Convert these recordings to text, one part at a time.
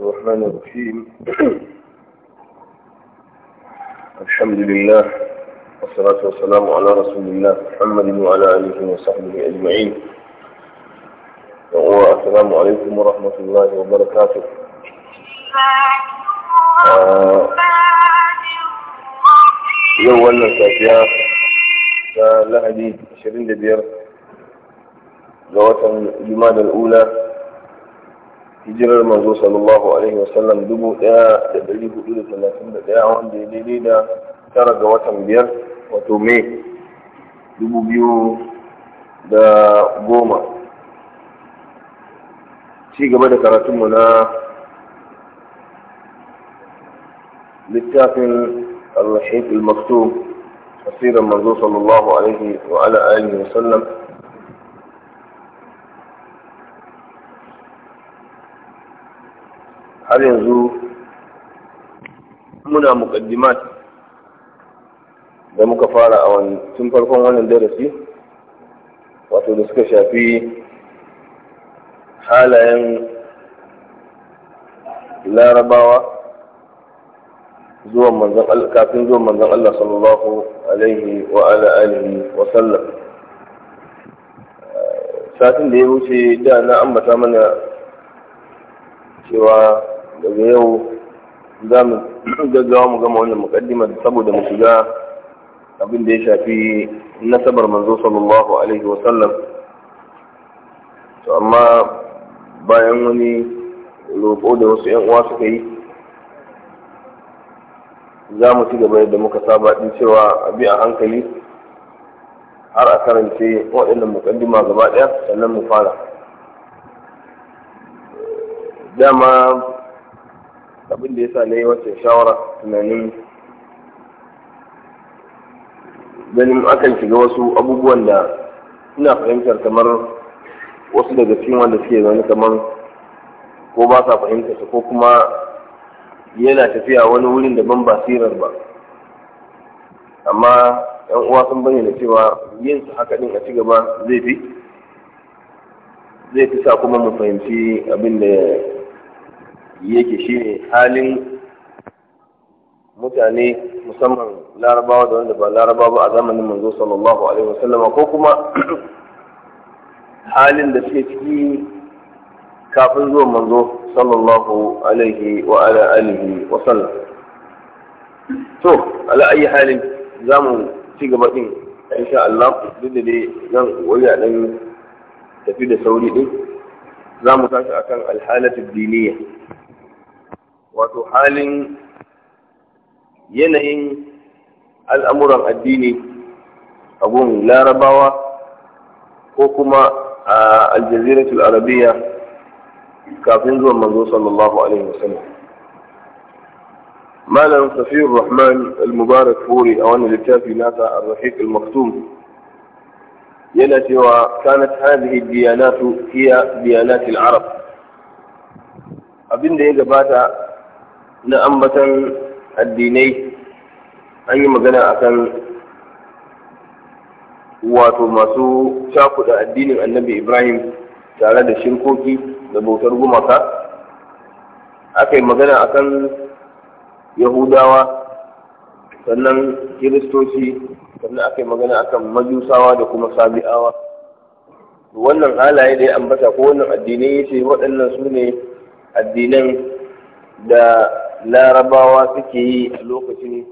الرحمن الرحيم الحمد لله والصلاة والسلام على رسول الله محمد وعلى آله وصحبه أجمعين السلام عليكم ورحمة الله وبركاته yau wannan safiya ta شرين 25 ga watan jumadal الأولى hijirar manzo sallallahu alaihi wasallam dubu daya da dari hudu da talatin da daya wanda ya daidai da tara ga watan biyar wato mai dubu biyu da goma ci gaba da karatunmu na littafin al-rahim al-maktub tafsirin manzo sallallahu alaihi wa ala alihi wasallam har yanzu muna muƙaddimat da muka fara a tun farkon wannan darasi wato da suka shafi halayen larabawa zuwan manzan kafin zuwan manzan Allah sallallahu alaihi wa ala alihi wa sallam satin da ya wuce da na ambata mana cewa daga yau za mu gaggawa mu gama wannan mukaddima saboda mu shiga abin da ya shafi nasabar manzo sallallahu alaihi wa sallam to amma bayan wani roƙo da wasu yan uwa suka yi za mu ci gaba yadda muka saba din cewa bi a hankali har a karance waɗannan mukaddima gaba ɗaya sannan mu fara dama abin da ya sa na yi wata shawara tunanin ganin akan shiga wasu abubuwan da ina fahimtar kamar wasu daga cikin wanda suke zaune kamar ko ba sa fahimtar su ko kuma yana tafiya wani wurin da ban basirar ba amma yan uwa sun bayyana cewa yin su haka din a ci gaba zai fi zai fi sa kuma mu fahimci abin da yake shi ne halin mutane musamman larabawa da wanda ba larabawa ba a zamanin manzo sallallahu alaihi wasallama ko kuma halin da suke ciki kafin zuwan manzo sallallahu alaihi wa ala alihi wa sallam to ala ayi halin za mu ci gaba din insha Allah duk da dai zan waya dan tafi da sauri din za mu tashi akan alhalatu diniya wato halin yanayin al'amuran addini a gun larabawa ko kuma a aljaziratul arabiya kafin zuwan manzo sallallahu alaihi wasallam malam safiyar rahman al-mubarak furi a wannan littafi nasa ar-rahiq al-maktum yana cewa kanat hadhihi diyanatu hiya diyanatil arab abinda ya gabata na ambatan addinai an yi magana a kan wato masu cakuɗa addinin annabi ibrahim tare da shirkoki da bautar gumaka aka yi magana a kan yahudawa sannan kiristoci sannan aka yi magana a kan majusawa da kuma sabi'awa wannan halaye da ya ambata ko wannan addinai ya ce waɗannan su ne addinan da larabawa suke yi a lokacin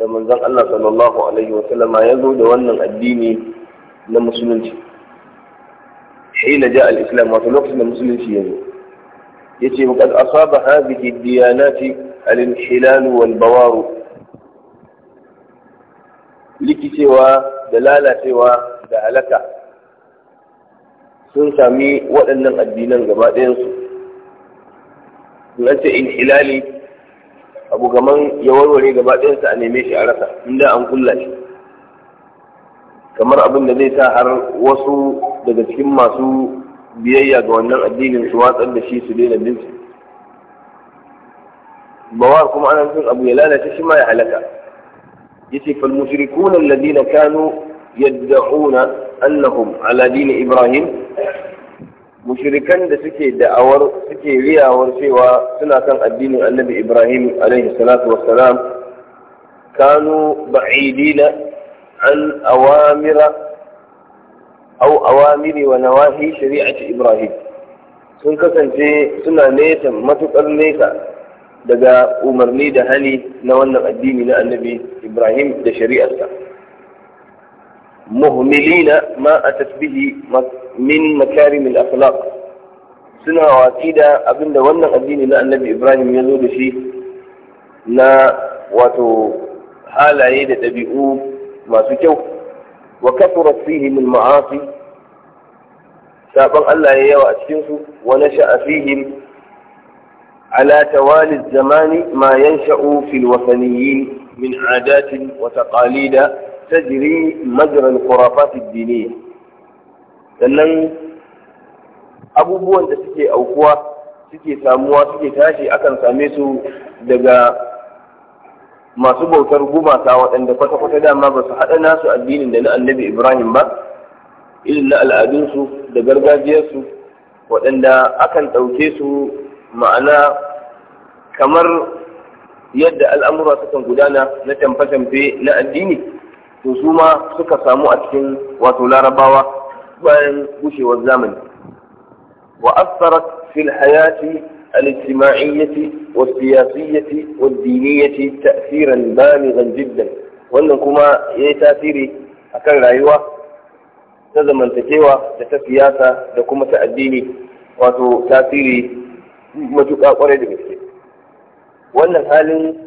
da manzan Allah sallallahu alaihi wa sallama ya zo da wannan addini na musulunci hina ja al islam wato lokacin da musulunci ya zo Ya yace mu kad asaba hadhihi diyanati al inhilal wal bawar likicewa da lalacewa da halaka sun sami waɗannan addinan gaba ɗayansu. su in hilali abu gaman ya warware gaba ɗayansa a neme shi a rasa inda an kulla shi kamar abin da zai sa har wasu daga cikin masu biyayya ga wannan addinin su watsar da shi su daina bin su kuma ana son abu ya lalace shi ma ya halaka yace fal mushrikuna alladhina kanu yad'una annahum ala dini ibrahim Mushirikan da suke da'awar suke riyawar cewa suna kan addinin annabi ibrahim alaihi salatu wassalam kanu ba'idina an awamira aw awamiri wa nawahi shari'ati ibrahim sun kasance suna nesa matukar nesa daga umarni da hali na wannan addini na annabi ibrahim da shari'arsa muhmilina ma a tasbihi min makarim al-akhlaq suna watsi da abinda wannan addini na annabi ibrahim ya zo da shi na wato halaye da ɗabi'u masu kyau wa kasurat fihi min ma'asi saban Allah ya yawa a cikin su wa nasha'a fihim ala tawali zamani ma yansha'u fil wasaniyin min adatin wa taqalida tajri majra al-khurafat ad-diniyya sannan abubuwan da suke aukuwa suke samuwa suke tashi akan same su daga masu bautar gumata waɗanda kwata-kwata dama ba su haɗa nasu addinin da na annabi ibrahim ba irin na al'adunsu da gargajiyarsu waɗanda akan ɗauke su ma'ana kamar yadda al'amura sukan gudana na tamfe-tamfe na addini to su ma suka samu a cikin wato larabawa bayan gushewar zamani wa asarat fil hayati was-siyasiyyati والسياسية diniyyati تأثيرا balighan jiddan wannan kuma ya tasiri akan rayuwa ta zamantakewa da ta siyasa da kuma ta addini wato tasiri matuƙa ƙwarai da gaske wannan halin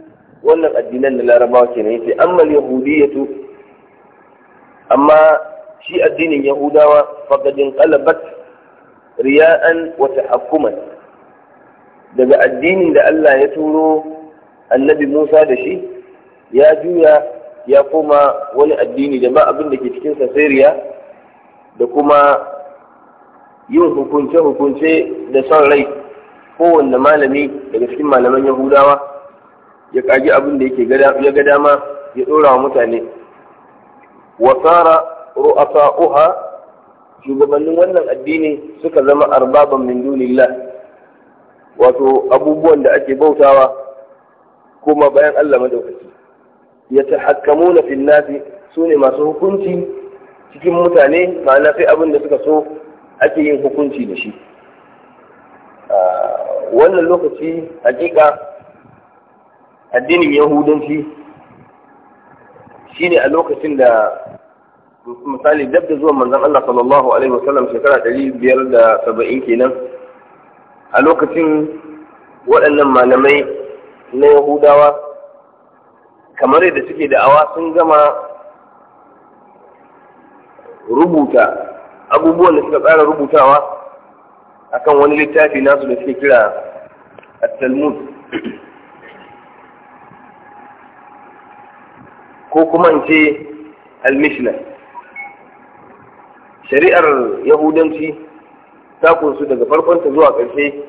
wannan addinan da larabawa ke nan yace amma yahudiyatu amma shi addinin yahudawa faqad inqalabat riya'an wa tahakkuman daga addinin da Allah ya turo annabi Musa da shi ya juya ya koma wani addini da ba abin da ke cikin sa riya da kuma yin hukunce-hukunce da son rai kowanne malami daga cikin malaman yahudawa ya kagi abin da ya ga dama ya ɗora wa mutane wasara ru'asa'uha shugabannin wannan addini suka zama arbaban min dunillah wato abubuwan da ake bautawa kuma bayan Allah madaukaki ya tahakkamuna fil nasi sune masu hukunci cikin mutane ma'ana sai abin da suka so ake yin hukunci da shi wannan lokaci hakika addinin yahudanci shine a lokacin da misali dab da zuwan manzon Allah sallallahu alaihi wasallam shekara ɗari biyar da saba'in kenan a lokacin waɗannan malamai na yahudawa kamar yadda suke da'awa sun gama rubuta abubuwan da suka tsara rubutawa akan wani littafi nasu da suke kira at-talmud ko kuma in ce al-mishnah shari'ar yahudanci ta kunsu daga farkonta zuwa ƙarshe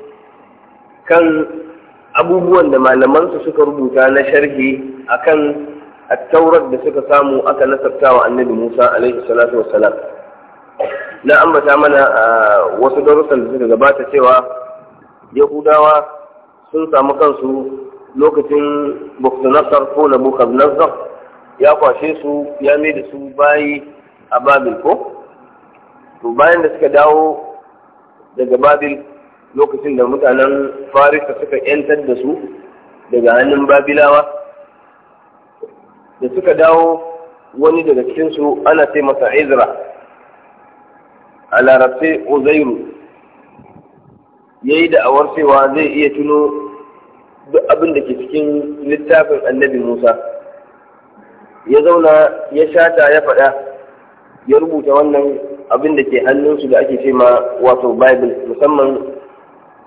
kan abubuwan da malamansu suka rubuta na sharhi kan attaurar da suka samu aka nasabta wa annabi musa alaihi salatu wassalam na ambata mana a wasu darussan da suka gabata cewa yahudawa sun samu kansu lokacin buktunassar ko na bukhtanasar ya kwashe su ya mai da su bayi a babin ko to bayan da suka dawo daga babil lokacin da mutanen farisa suka yantar da su daga hannun babilawa da suka dawo wani daga cikinsu ana taimaka masa izra a larabce uzairu ya yi da'awar cewa zai iya tuno duk abin da ke cikin littafin annabi musa ya zauna ya shata ya faɗa ya rubuta wannan abin da ke hannunsu da ake ce ma wato bible musamman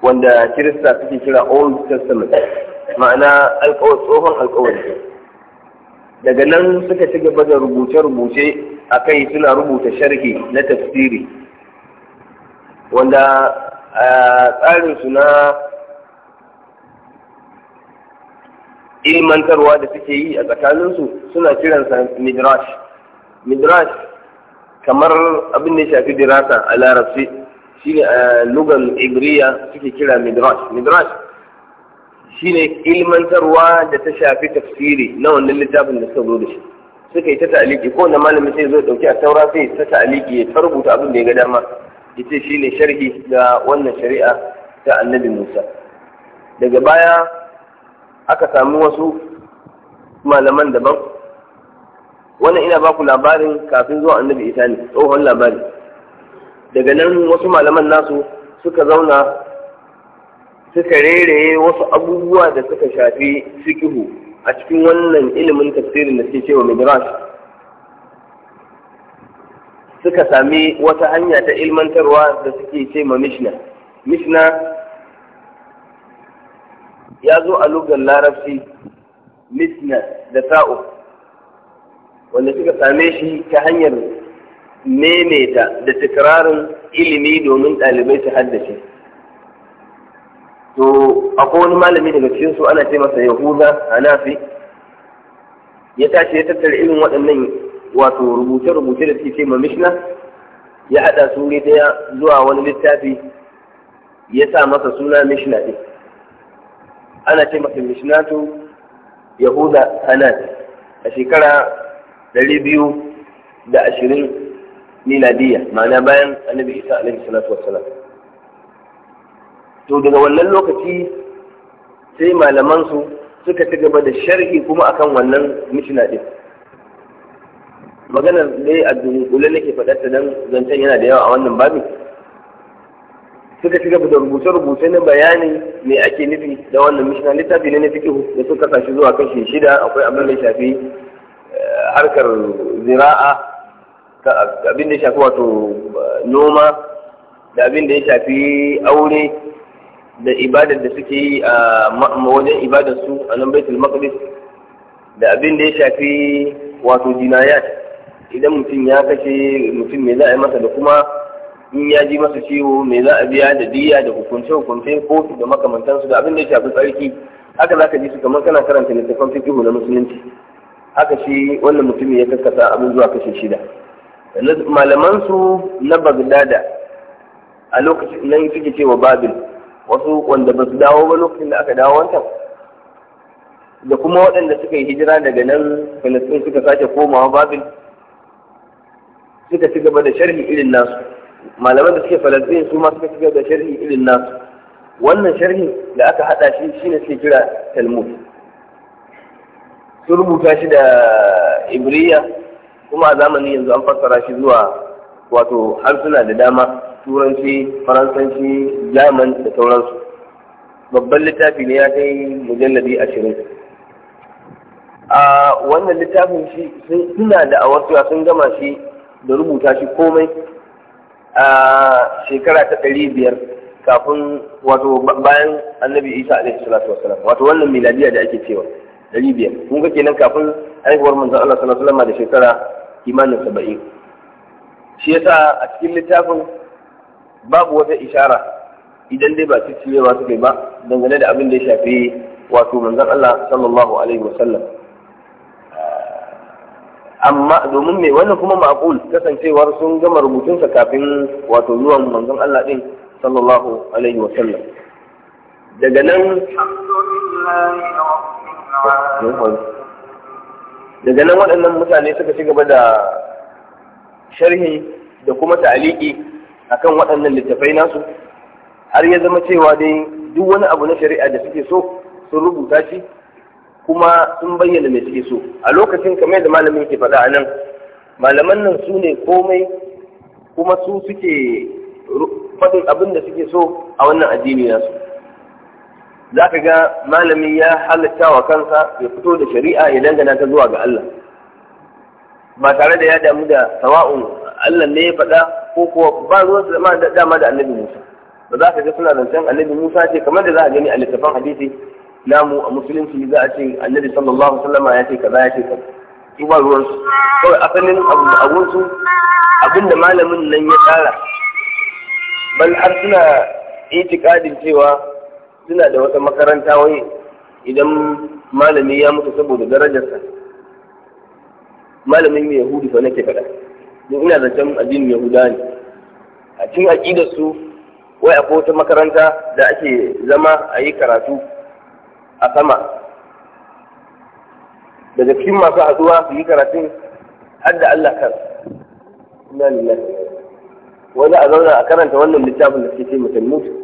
wanda kirista suke kira old testament ma'ana tsohon alkawari daga nan suka ci gaba da rubuce-rubuce a kai suna rubuta sharhi na tafsiri wanda a tsarinsu na ilmantarwa da suke yi a tsakaninsu suna kiransa midrash midrash kamar abin da ya shafi dirasa a larabci ne a eh, lugan ibriya suke kira midrash midrash shi ne ilmantarwa da ta shafi tafsiri na wannan littafin da suka zo da shi suka yi ta ta'aliki ko wanda malamin sai zo dauki a taura sai ta ta'aliki ya ta rubuta abin da ya ga dama shi ne sharhi ga wannan shari'a ta annabi Musa daga baya aka samu wasu malaman daban wannan ina baku labarin kafin zuwa annabi isa ne tsohon labari daga nan wasu malaman nasu suka zauna suka rereye wasu abubuwa da suka shafi sikihu a cikin wannan ilimin tafsirin da suke cewa midrash suka sami wata hanya ta ilmantarwa da suke ce ma mishna mishna ya zo a lugar larabci mishna da ta'u wanda suka same shi ta hanyar memeta da tikirarin ilimi domin ɗalibai su haddace to akwai wani malami daga cikinsu ana ce masa hanafi ya tashi ya tattara irin waɗannan wato rubuce-rubuce da suke ma mishna ya haɗa su ɗaya zuwa wani littafi ya sa masa suna mishna ɗin ana ce masa mishnatu yahuda hanafi a shekara ɗari biyu da ashirin miladiyya ma'ana bayan annabi isa alaihi salatu wassalam to daga wannan lokaci sai malamansu suka ci gaba da sharhi kuma akan wannan mishina din maganar dai a dunkule nake ta don zancen yana da yawa a wannan babin suka gaba da rubuce-rubuce na bayani me ake nufi da wannan mishina littafi ne na fikihu da suka shi zuwa kashi shida akwai abin da shafi harkar zira'a abin da ya shafi wato noma da abin da ya shafi aure da ibadar da suke yi a wajen ibadar su a nan baitul maqdis da abin da ya shafi wato jinayat idan mutum ya kashe mutum me za a yi masa da kuma in ya ji masa ciwo me za a biya da diya da hukunce hukunce ko da makamantansu da abin da ya shafi tsarki haka za ka ji su kamar kana karanta littattafan fikihu na musulunci haka shi wannan mutumin ya kaskasa abin zuwa kashe shida malaman su na bagdada a lokacin nan suke cewa babil wasu wanda ba su dawo ba lokacin da aka dawo wancan da kuma waɗanda suka yi hijira daga nan filistin suka sake komawa babil suka ci gaba da sharhi irin nasu malaman da suke falastin su ma suka ci gaba da sharhi irin nasu wannan sharhi da aka haɗa shi shine suke kira talmud sun rubuta shi da ibriya kuma a zamani yanzu an fassara shi zuwa wato harsuna da dama turanci faransanci jaman da sauransu babban littafi ne ya kai mujalladi ashirin a wannan littafin shi suna da awarciwa sun gama shi da rubuta shi komai a shekara ta ɗari biyar kafin wato bayan annabi isa alaihi salatu wasalam wato wannan miladiya da ake cewa ɗari biyar kun ga kenan kafin haihuwar manzon Allah sallallahu alaihi wasallam da shekara kimanin saba'in shi yasa a cikin littafin babu wata ishara idan dai ba cicciyewa suke ba dangane da abin da ya shafi wato manzon Allah sallallahu alaihi wasallam amma domin me wannan kuma ma'qul kasancewar sun gama rubutunsa kafin wato zuwan manzon Allah din sallallahu alaihi wasallam daga nan daga nan waɗannan mutane suka ci gaba da sharhi da kuma ta'aliki akan waɗannan littafai nasu har ya zama cewa dai duk wani abu na shari'a da suke so sun rubuta shi kuma sun bayyana mai suke so a lokacin kamar da malamin yake faɗa a nan malaman nan su ne komai kuma su suke faɗin abin da suke so a wannan addini nasu za ka ga malami ya halatta wa kansa ya fito da shari'a ya dangana ta zuwa ga Allah ba tare da ya damu da sawa'un Allah ne ya faɗa ko kuwa ba zuwa su zama da dama da annabi Musa ba za ka ga suna zancen annabi Musa ce kamar da za a gani a littafin hadisi namu a musulunci za a ce annabi sallallahu alaihi wasallam ya ce kaza ya ce kaza su ba ruwan su kawai asalin abun su abinda malamin nan ya tsara bal har suna itikadin cewa suna da wata makaranta wai idan malami ya mutu saboda darajarsa malamin mai Yahudu fa nake faɗa don ina zancen addinin yahuda ne a cikin aƙidar su wai a wata makaranta da ake zama a yi karatu a sama daga cikin masu haɗuwa su yi karatun har da Allah kan ina lillahi wani a zauna a karanta wannan littafin da suke ce mutum mutu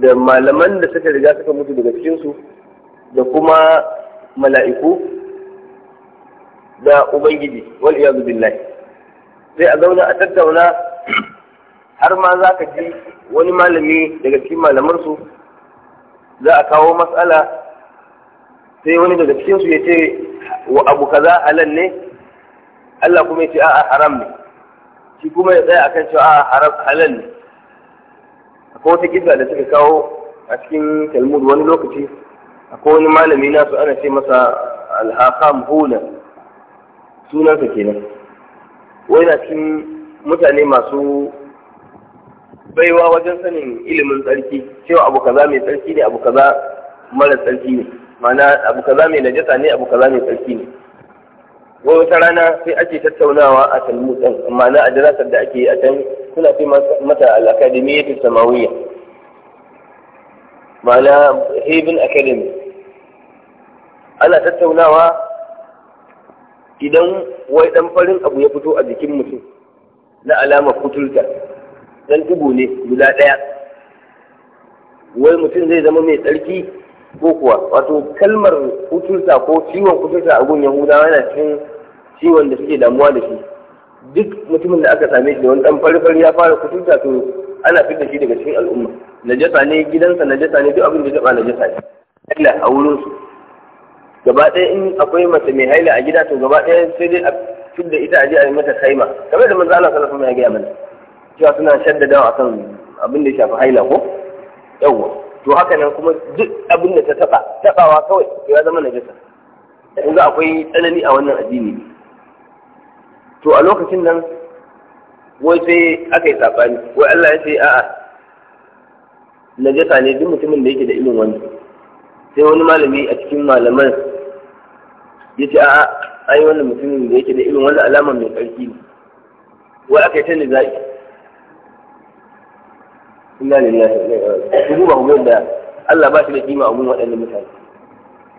da malaman da suka riga suka mutu daga cikinsu da kuma mala'iku da ubangiji wal iyadu billahi sai a zauna a tattauna har ma za ka ji wani malami daga cikin malamansu za a kawo matsala sai wani daga cikinsu ya ce wa abu kaza halal ne Allah kuma ya ce a'a haram ne shi kuma ya tsaya akan cewa a'a haram halal ne ko wata kisa da suka kawo a cikin talmud wani lokaci akwai wani malami nasu ana ce masa alhakam hula sunansa kenan wai na cikin mutane masu baiwa wajen sanin ilimin tsarki cewa abu kaza mai tsarki ne abu kaza mara tsarki ne ma'ana abu kaza mai najasa ne abu kaza mai tsarki ne wai wata rana sai ake tattaunawa a talmudin amma ma'ana a darasar da ake yi a can suna fi mata al'akademiyyatul samawiyya ma'ana haven academy ana tattaunawa idan wai ɗan farin abu ya fito a jikin mutum na alamar kuturta dan tubu ne guda ɗaya wai mutum zai zama mai tsarki ko kuwa wato kalmar kuturta ko ciwon kuturta a gun yahudawa yana cikin ciwon da suke damuwa da shi duk mutumin da aka same shi da wani dan farfar ya fara kututa to ana fitar shi daga cikin al'umma najasa ne gidansa najasa ne duk abin da ya na najasa ne haila a wurin su gaba ɗaya in akwai mace mai haila a gida to gaba ɗaya sai dai a fitar ita a je a yi mata kaima kamar da manzo Allah sallallahu alaihi wasallam ya gaya mana cewa suna shaddadawa akan abin da ya shafi haila ko yawwa to haka nan kuma duk abin da ta taba tabawa kawai ya zama najasa yanzu akwai tsanani a wannan addini to a lokacin nan wai sai aka yi saɓani wai Allah ya ce a'a najasa ne duk mutumin da yake da ilimin wani sai wani malami a cikin malaman ya ce a'a ai wannan mutumin da yake da ilimin wani alama mai ƙarfi ne wai aka yi ta nizai inna lillahi wa inna ilaihi raji'un ba ku da Allah ba shi da kima a gun waɗannan mutane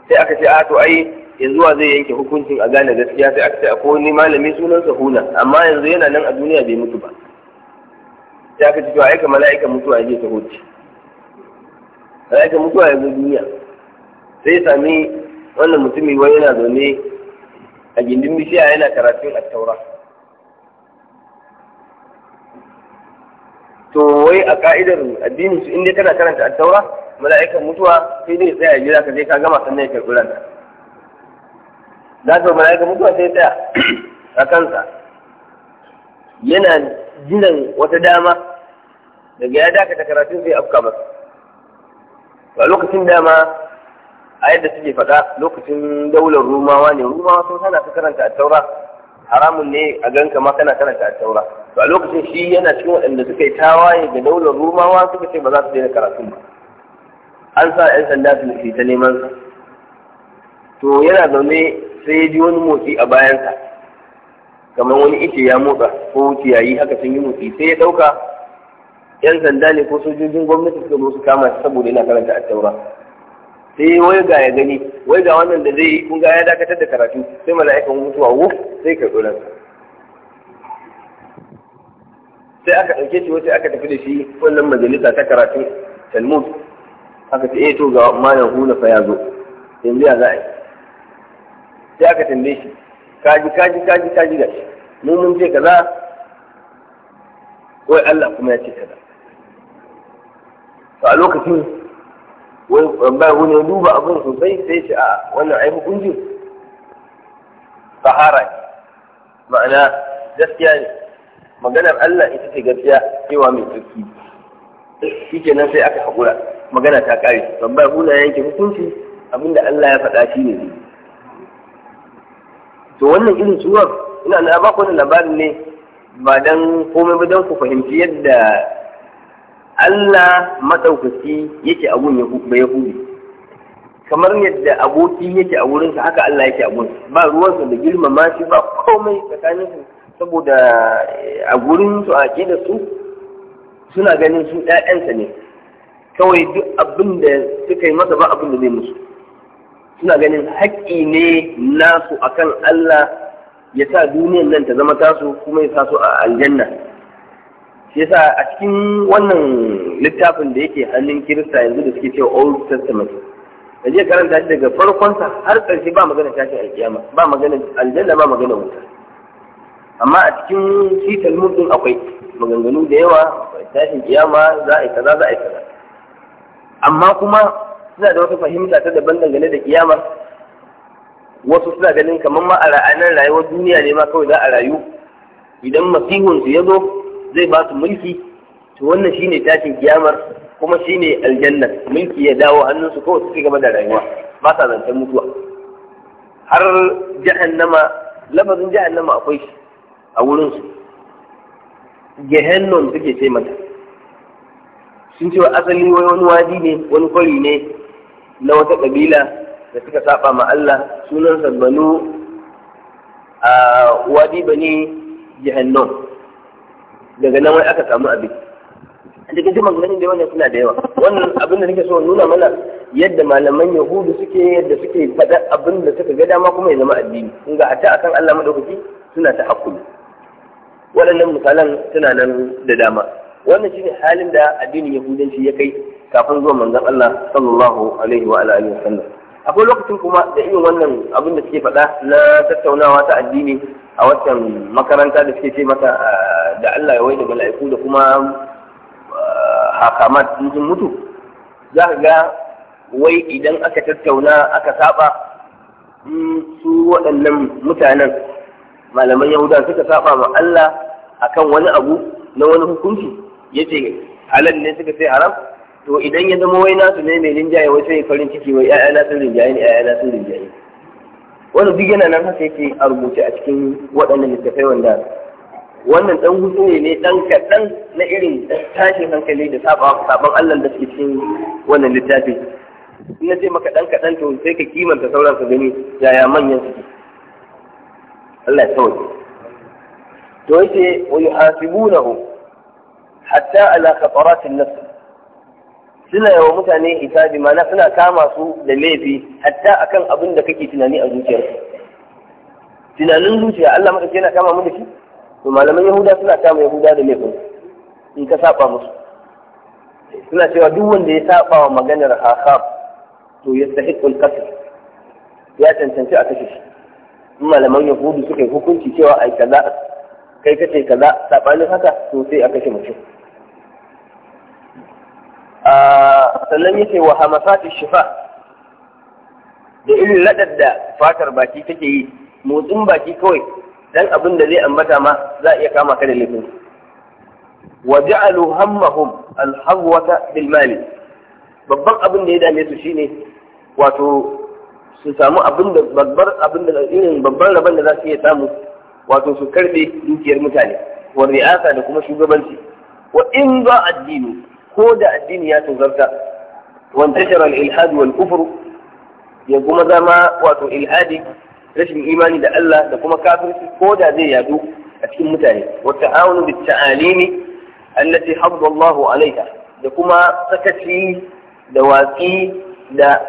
sai aka ce a'a to ai yanzu wa zai yanke hukuncin a gane gaskiya sai aka ce akwai wani malami sunansa huna amma yanzu yana nan a duniya bai mutu ba sai aka ce to aika mala'ika mutuwa ya je ta hoci mala'ika mutuwa ya zo duniya sai sami wannan mutumi wani yana zaune a gindin bishiya yana karatun attaura to wai a ka'idar addinin su inda kana karanta attaura mala'ikan mutuwa sai dai tsaya gida ka je ka gama sannan ya karɓi ranta za ta yaka mutuwa sai tsaya a kansa yana jinan wata dama daga ya dakata karatun sai afka masa a lokacin dama a yadda suke faɗa lokacin daular rumawa ne rumawa sun hana su karanta a taura haramun ne a ganka ma kana karanta a taura to a lokacin shi yana cikin waɗanda suka yi tawaye ga daular rumawa suka ce ba za su daina karatun ba an sa 'yan sanda su ta neman sa to yana zaune sai ya ji wani motsi a bayansa kamar wani ice ya motsa ko ciyayi haka sun yi motsi sai ya ɗauka yan sanda ne ko sojojin gwamnati suka zo su kama shi saboda yana karanta attaura sai wai ga ya gani wai ga wannan da zai yi kun ga ya dakatar da karatu sai mala'ikan mutuwa wu sai ka ransa sai aka ɗauke shi wata aka tafi da shi wannan majalisa ta karatu talmud aka ce eh to ga malam hu na fa ya zo yanzu ya za a yi sai aka tambaye shi kaji kaji kaji kaji gashi mun mun ce kaza wai Allah kuma ya ce kaza to a lokacin wai ba wani ya duba abin sosai sai ce a wannan ai hukunci sahara ma'ana gaskiya ne maganar Allah ita ce gaskiya cewa mai tsarki shi nan sai aka haƙura magana ta ƙare babbar hula yanke hukunci abinda Allah ya faɗa shi ne to wannan irin ciwon ina na ba ku labarin ne ba dan komai ba dan ku fahimci yadda Allah madaukaki yake a gun Yahudi kamar yadda aboki yake a wurinsa haka Allah yake a gun ba ruwansa da girmama shi ba komai tsakanin su saboda eh, a gurin su a da su suna ganin su ɗayansa ne kawai duk abin da suka yi masa ba abin da zai musu suna ganin haƙƙi ne nasu akan Allah ya sa duniyar nan ta zama tasu kuma ya sa su a aljanna shi yasa a cikin wannan littafin da yake hannun kirista yanzu da suke cewa old testament da je karanta shi daga farkonsa har ƙarshe ba magana tashin alƙiyama, ba magana aljanna ba magana wuta amma a cikin shi talmud din akwai maganganu da yawa tashin kiyama za a yi kaza za a yi kaza amma kuma suna da wata fahimta ta daban dangane da kiyama wasu suna ganin kamar ma a ra'anar rayuwar duniya ne ma kawai za a rayu idan masihunsu ya zo zai ba su mulki to wannan shine tashin kiyamar kuma shine aljanna mulki ya dawo hannunsu kawai suke gaba da rayuwa ba sa zancen mutuwa har jahannama lafazin jahannama akwai shi a wurinsu gehennon suke ce mata sun ce asali wani wadi ne wani kwari ne na wata kabila da suka saba ma Allah sunan banu a wadi bane jahannam daga nan wai aka samu abin a cikin jimar ganin da wannan suna da yawa wannan abin da nake so nuna mana yadda malaman yahudu suke yadda suke faɗa abin da suka ga dama kuma ya zama addini kun ga ta akan Allah madaukaki suna ta hakuri waɗannan misalan suna nan da dama wannan shine halin da addinin yahudanci ya kai kafin zuwa manzon Allah sallallahu alaihi wa alihi wa sallam akwai lokacin kuma da irin wannan abin da suke faɗa na tattaunawa ta addini a watan makaranta da suke ce mata ah, da Allah ya wai da mala'iku da kuma ah, hakamat sun mutu za ka ga wai idan aka tattauna aka saba mm, su waɗannan mutanen malaman yahuda suka saba ma Allah akan wani abu na wani hukunci yace halal ne suka sai haram to idan ya zama wai nasu ne mai rinjaye wai sai farin ciki wai 'ya'ya na sun rinjaye ne 'ya'ya na sun rinjaye wanda duk yana nan haka yake a rubuce a cikin waɗannan littattafai wanda wannan ɗan hutu ne ɗan kaɗan na irin tashin hankali da sabon Allah da suke cikin wannan littafi in na ce maka ɗan kaɗan to sai ka kimanta sauran ka gani yaya manyan suke Allah ya sauke to yake wa yuhasibunahu hatta ala qataratin nasu. suna yawa mutane hisabi mana suna kama su da laifi hatta akan abin da kake tunani a zuciyarsu tunanin zuciya Allah maka yana kama mu da shi to malaman yahuda suna kama yahuda da laifin in ka saba musu suna cewa duk wanda ya saba wa maganar ahab to ya sahiqul qatl ya cancanci a kashe shi in malaman yahudu suka yi hukunci cewa ai kaza kai kace kaza sabanin haka to sai a kashe mutum sannan yake wa hamasati shifa da irin ladar da fatar baki take yi motsin baki kawai dan abin da zai ambata ma za a iya kama ka da laifin wa ja'alu hammahum alhawwata bil mali babban abin da ya dame su shine wato su samu abin da babbar abin da irin babban rabon da za su iya samu wato su karbe dukiyar mutane wa ri'asa da kuma shugabanci wa in za addini ko da addini ya tozarta wantashara al-ilhad wal kufur ya kuma zama wato ilhadi rashin imani da Allah da kuma kafirci ko da zai yadu a cikin mutane wa ta'awunu bit ta'alimi allati hadda Allah alaiha da kuma sakaci da watsi da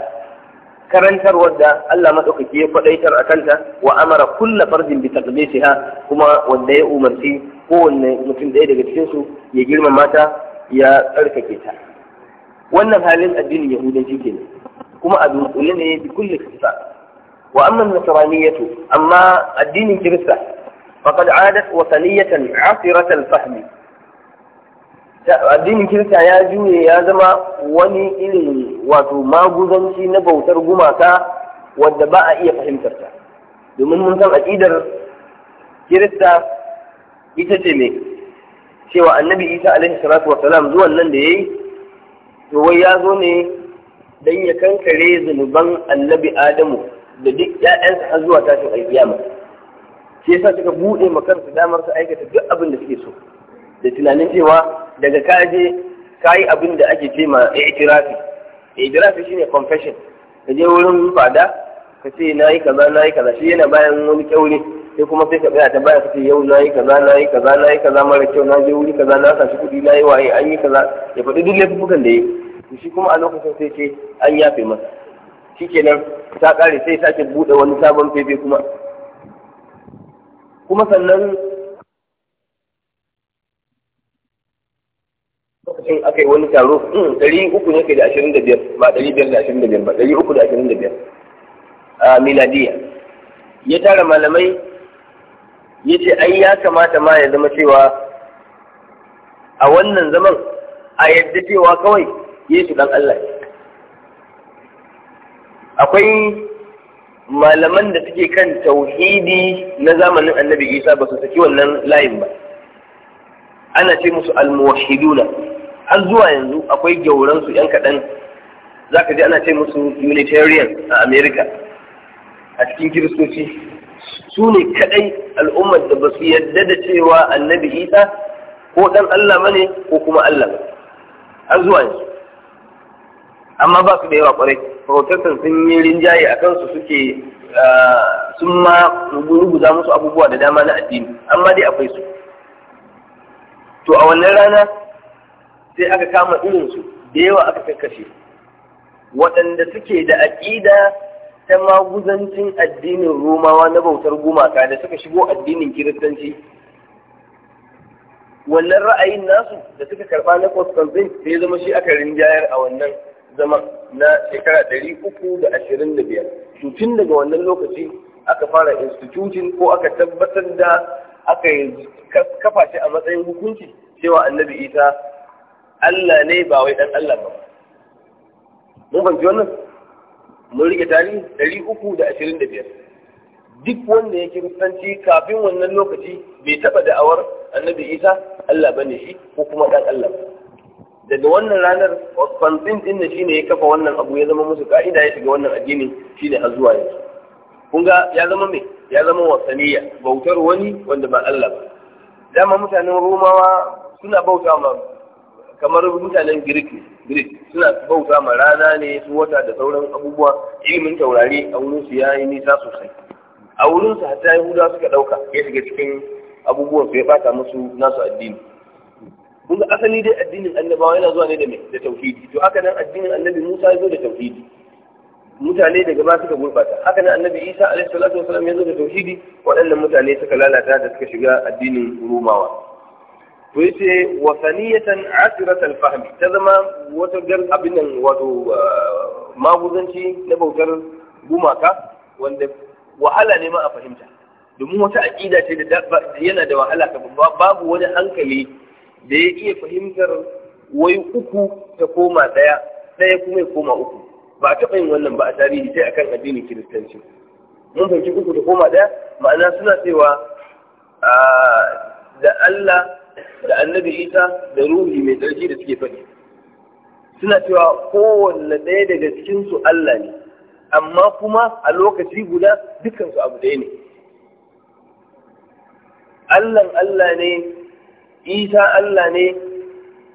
karantarwar da Allah madaukaki ya faɗaitar a kanta wa amara kulla fardin bi taqdisiha kuma wanda ya umarci kowanne mutum ɗaya daga cikin su ya girmama ta ya tsarkake ta wannan halin addinin yahudanci ke kuma a dunkule ne bi kulli kisa wa amma nasraniyatu amma addinin kirista faqad adat wataniyatan asiratal fahmi addinin kirista ya juye ya zama wani irin wato maguzanci na bautar gumaka wadda ba a iya fahimtar ta domin mun san aƙidar kirista ita ce mai cewa annabi isa alaihi salatu wa salam zuwan nan da yayi to wai ya zo ne dan ya kankare zunuban annabi adamu da duk ƴaƴansa har zuwa tashin alƙiyama shi yasa suka buɗe ma kansu damar su aikata duk abin da suke so da tunanin cewa daga kaje kayi abin da ake ce ma i'tirafi i'tirafi shine confession ka je wurin fada ka ce na yi kaza na yi kaza shi yana bayan wani kyauri sai kuma sai ka tsaya ta baya ka ce yau na yi kaza na yi kaza na yi kaza mara kyau na je wuri kaza na sashi kuɗi na yi waye an yi kaza ya faɗi duk laifukan da ya yi shi kuma a lokacin sai ce an yafe masa shikenan ta ƙare sai sake buɗe wani sabon fefe kuma kuma sannan lokacin aka yi wani taro hmm, ɗari uku ne ke da ashirin da biyar ba ɗari biyar da ashirin da biyar ba ɗari uku da ashirin da biyar miladiya ya tara malamai ya ce ai ya kamata ma ya zama cewa a wannan zaman a yadda cewa kawai yesu dan Allah akwai malaman da suke kan tauhidi na zamanin annabi isa ba su saki wannan layin ba ana ce musu almuwahiduna har zuwa yanzu akwai gyauransu yan kaɗan za ka ji ana ce musu unitarian a america a cikin kiristoci su ne kadai al'ummar da ba su yadda da cewa annabi isa ko dan allah ne ko kuma allah Har zuwa yanzu amma ba su da yawa kwarai protestant sun yi rinjaye a kansu suke sun ma ruguza musu abubuwa da dama na addini amma dai akwai su to a wannan rana sai aka kama irinsu da yawa aka kakkashe waɗanda suke da aƙida ta maguzancin addinin Romawa na bautar gumaka da suka shigo addinin Kiristanci. Wannan ra'ayin nasu da suka karɓa na Constantine da ya zama shi aka rinjayar a wannan zaman na shekara ɗari uku da ashirin da biyar. Tutun daga wannan lokaci aka fara institutin ko aka tabbatar da aka yi kafa shi a matsayin hukunci cewa annabi ita Allah ne ba wai dan Allah ba. Mun fahimci wannan? mun rike tarihi ɗari uku da ashirin da biyar duk wanda ya kiristanci kafin wannan lokaci bai taɓa da'awar annabi isa allah bane shi ko kuma ɗan allah daga wannan ranar konstantin din da shine ya kafa wannan abu ya zama musu ka'ida ya shiga wannan addini shine har zuwa yanzu kun ga ya zama me ya zama wasaniya bautar wani wanda ba allah ba dama mutanen romawa suna bauta ma kamar mutanen Greek Greek suna bauta ma rana ne su wata da sauran abubuwa ilimin taurari a wurin su yayi nisa sosai a wurin su hatta Yahudawa suka dauka ya shiga cikin abubuwan su ya bata musu nasu addini kun ga asali dai addinin annabawa yana zuwa ne da da tauhidi to haka nan addinin annabi Musa ya zo da tauhidi mutane daga ba suka gurbata haka nan annabi Isa alaihi salatu wasallam ya zo da tauhidi waɗannan mutane suka lalata da suka shiga addinin Rumawa to yace wa saniyatan asirat al ta zama wata gar abin nan wato ah, maguzanci na bautar gumaka wanda wahala ne ma a fahimta domin wata aƙida ce da yana da wahala ka babu wani hankali da ya iya fahimtar wai uku ta koma ɗaya ɗaya kuma ya koma uku ba a taɓa yin wannan ba a tarihi sai akan addinin kiristanci mun fahimci uku ta koma ɗaya ma'ana suna cewa ah, da Allah da annabi isa da ruhi mai tsarki da suke faɗi suna cewa kowanne ɗaya daga cikinsu Allah ne amma kuma a lokaci guda dukansu abu ɗaya ne Allahn Allah ne isa Allah ne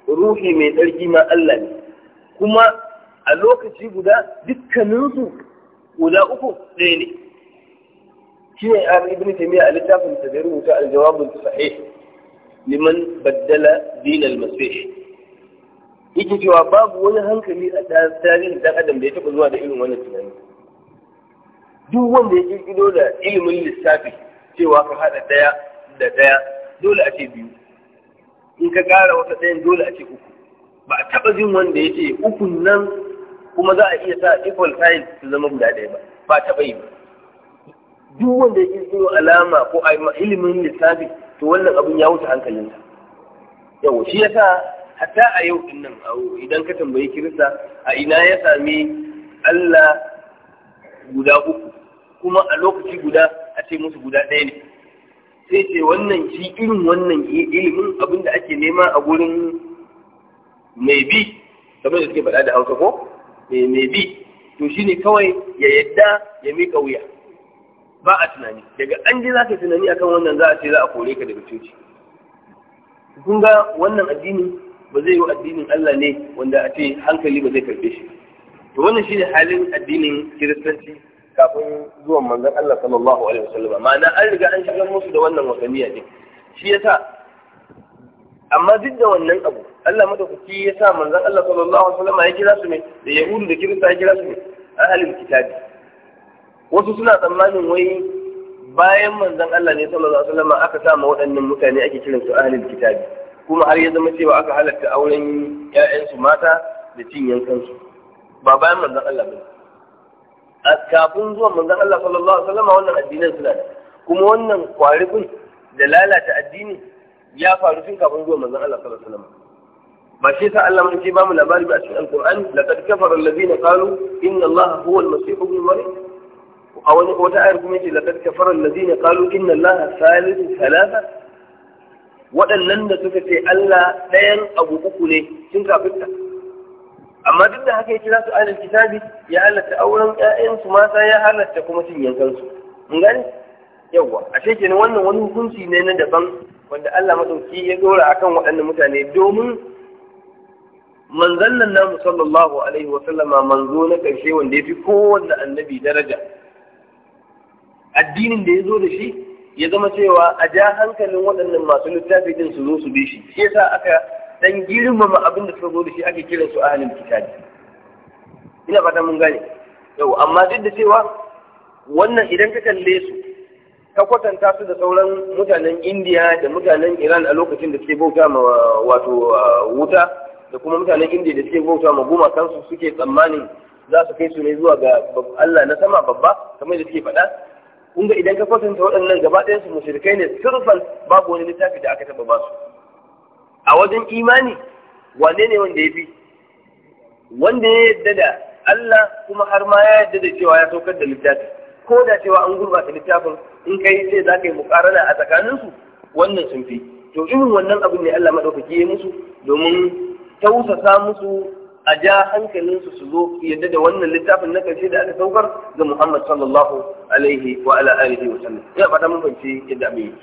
ruhi mai tsarki ma Allah ne kuma a lokaci guda dukkaninsu guda uku ɗaya ne shi ne ibn taimiyya a littafin sa zai rubuta aljawabin sahih liman baddala dinal masih yake cewa babu wani hankali a tarihin dan adam da ya taɓa zuwa da irin wannan tunani duk wanda ya kirkiro da ilimin lissafi cewa ka haɗa ɗaya da ɗaya dole a ce biyu in ka ƙara wata ɗayan dole a ce uku ba a taɓa jin wanda ya ce ukun nan kuma za a iya sa equal sign su zama guda ɗaya ba ba taɓa yi ba duk wanda ya kirkiro alama ko ilimin lissafi to wannan abin ya wuce hankalinsa yau shi yasa hatta a yau din nan idan ka tambayi kirista a ina ya sami Allah guda uku kuma a lokaci guda a ce musu guda ɗaya ne sai ce wannan shi irin wannan ilimin abin da ake nema a gurin mai bi kamar da suke faɗa da hausa ko mai bi to shine kawai ya yadda ya miƙa wuya ba a tunani daga an ji za ka tunani akan wannan za a ce za a kore ka daga coci kun ga wannan addini ba zai yi addinin Allah ne wanda a ce hankali ba zai karbe shi to wannan shine halin addinin kiristanci kafin zuwan manzon Allah sallallahu alaihi wasallam ma'ana an riga an shigar musu da wannan wasaniya ne shi yasa amma duk da wannan abu Allah madaukaki ya sa manzon Allah sallallahu alaihi wasallam ya kira su ne da yahudu da kirista ya kira su ne ahlul kitabi wasu suna tsammanin wai bayan manzon Allah ne sallallahu alaihi wasallam aka sa ma waɗannan mutane ake kiran su ahlul kitabi kuma har ya zama cewa aka halatta auren ƴaƴansu mata da cinyan kansu ba bayan manzon Allah ba a kafin zuwan manzon Allah sallallahu alaihi wasallam wannan addinin suna da kuma wannan kwarikun da lalata addini ya faru tun kafin zuwan manzon Allah sallallahu alaihi wasallam ba shi sa Allah mun ce ba mu labari ba a cikin Al-ƙur'ani alqur'ani laqad kafara alladhina qalu inna allaha huwa al-masih ibn maryam a wani wata ayar kuma yake laqad kafara allazina qalu inna allaha salisu Salasa? waɗannan da suka ce Allah ɗayan abu uku ne sun kafirta amma duk da haka ya kira su alal kitabi ya halatta auren ƴaƴansu mata ya halatta kuma cin yankansu mun gane yawwa ashe kenan wannan wani hukunci ne na daban wanda Allah madauki ya dora akan waɗannan mutane domin manzon nan namu sallallahu alaihi wa sallama manzo na ƙarshe wanda ya fi kowanne annabi daraja addinin da ya zo da shi ya zama cewa a ja hankalin waɗannan masu littafi din su zo su bi shi shi yasa aka dan girmama abin da suka zo da shi ake kiran su ahlul kitabi ina fata mun gane yau amma duk da cewa wannan idan ka kalle su ka kwatanta su da sauran mutanen indiya da mutanen iran a lokacin da suke bauta ma wato uh, wuta da kuma mutanen indiya da suke bauta ma gumakansu suke tsammanin za su kai su ne zuwa ga Allah na sama babba kamar da suke faɗa inda idan ka kwatanta waɗannan gaba ɗayan su mushrikai ne sirfan babu wani littafi da aka taɓa ba su a wajen imani wane ne wanda ya fi wanda ya yadda da Allah kuma har ma ya yadda da cewa ya saukar da littafi ko da cewa an gurbata littafin in ka yi sai za ka yi muƙarana a tsakaninsu wannan sun fi to irin wannan abin ne Allah maɗaukaki ya musu domin tausasa musu a ja hankalinsu su zo yadda da wannan littafin na karshe da aka saukar ga Muhammad sallallahu alaihi wa ala alihi wa sallam ina fata mun fahimci yadda abin yake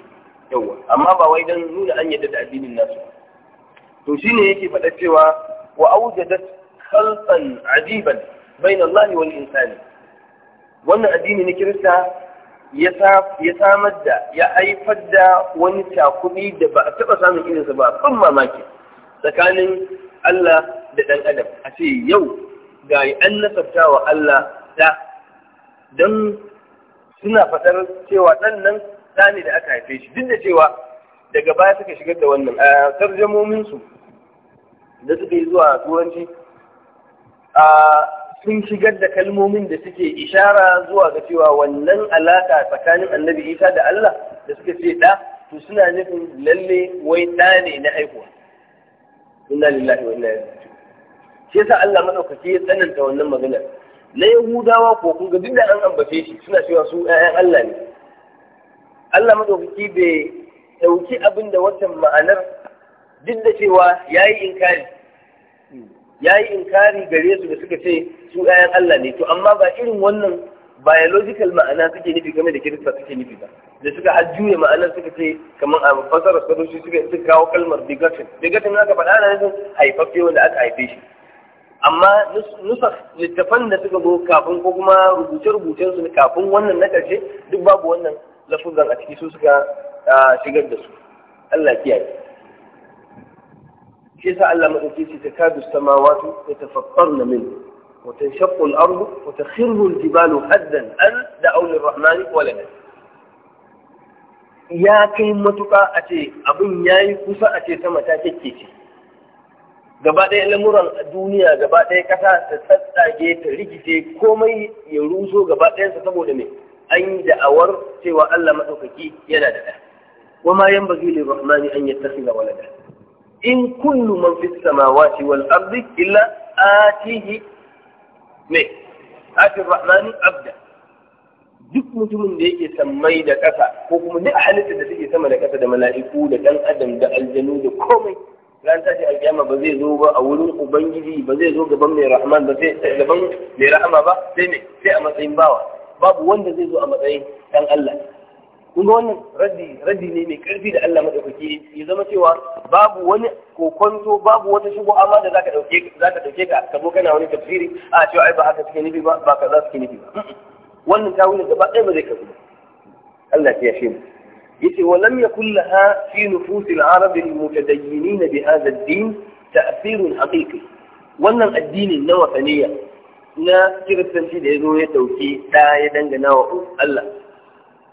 yawa amma ba wai dan nuna an yadda da addinin nasu to ne yake faɗa cewa wa aujadat khalqan ajiban bain Allah wal insani wannan addini na Kirista ya samar da ya haifar da wani cakuɗi da ba a taɓa samun irinsa ba ban mamaki tsakanin Allah da ɗan adam a ce yau ga an nasarta wa Allah da don suna faɗar cewa ɗan nan ɗa ne da aka haife shi duk da cewa daga baya suka shigar da wannan a tarjamominsu da suka yi zuwa turanci sun shigar da kalmomin da suke ishara zuwa ga cewa wannan alaka tsakanin annabi isa da Allah da suka ce ɗa to suna nufin lalle wai ɗa ne na haihuwa inna lillahi wa inna ilaihi shi yasa Allah madaukaki ya tsananta wannan magana na Yahudawa ko kun ga duk an ambace shi suna cewa su ƴaƴan Allah ne Allah madaukaki bai dauki abin da watan ma'anar duk da cewa yayi inkari yayi inkari gare su da suka ce su ƴaƴan Allah ne to amma ba irin wannan biological ma'ana suke nufi game da kirista suke nufi ba da suka hajjuye ma'anar suka ce kamar a fasarar sadoshi suka kawo kalmar bigotin bigotin naka faɗa na nufin haifafe wanda aka haife shi amma nusa littafan da suka zo kafin ko kuma rubuce-rubucen su kafin wannan na karshe duk babu wannan lafuzan a ciki su suka shigar da su Allah kiyaye shi yasa Allah madauki ce ta kadu samawatu ta tafakkar na min wa ta shaqqu al-ardu wa ta khirru al-jibalu haddan an da lir-rahmani walada ya kai matuka a ce abin yayi kusa a ce sama ta kekkece gaba ɗaya lamuran duniya gaba ɗaya ƙasa ta tsattsage ta rikice komai ya ruso gaba sa saboda me an yi da'awar cewa Allah matsaukaki yana da ɗa wa ma yan bagi lil rahmani an yattakhidha walada in kullu man fis samawati wal ardi illa atihi me ati rahmani abda duk mutumin da yake sammai da ƙasa ko kuma duk halitta da take sama da ƙasa da mala'iku da ɗan adam da aljanu da komai ran tashi alkiyama ba zai zo ba a wurin ubangiji ba zai zo gaban mai rahman ba sai gaban mai rahama ba sai ne sai a matsayin bawa babu wanda zai zo a matsayin dan Allah kun ga wannan raddi raddi ne mai karfi da Allah madaukaki ya zama cewa babu wani kokonzo babu wata shigo amma da zaka dauke zaka dauke ka ka zo kana wani tafsiri a cewa ai ba haka suke nufi ba ba kaza suke nufi ba wannan tawili gaba ɗaya ba zai kafu Allah ya yashe mu yace wa lam ya laha fi nufus al-arab al-mutadayyin bi hadha din ta'thir haqiqi wannan addinin na wasaniya na kiristanci da ya zo ya dauki da ya dangana wa Allah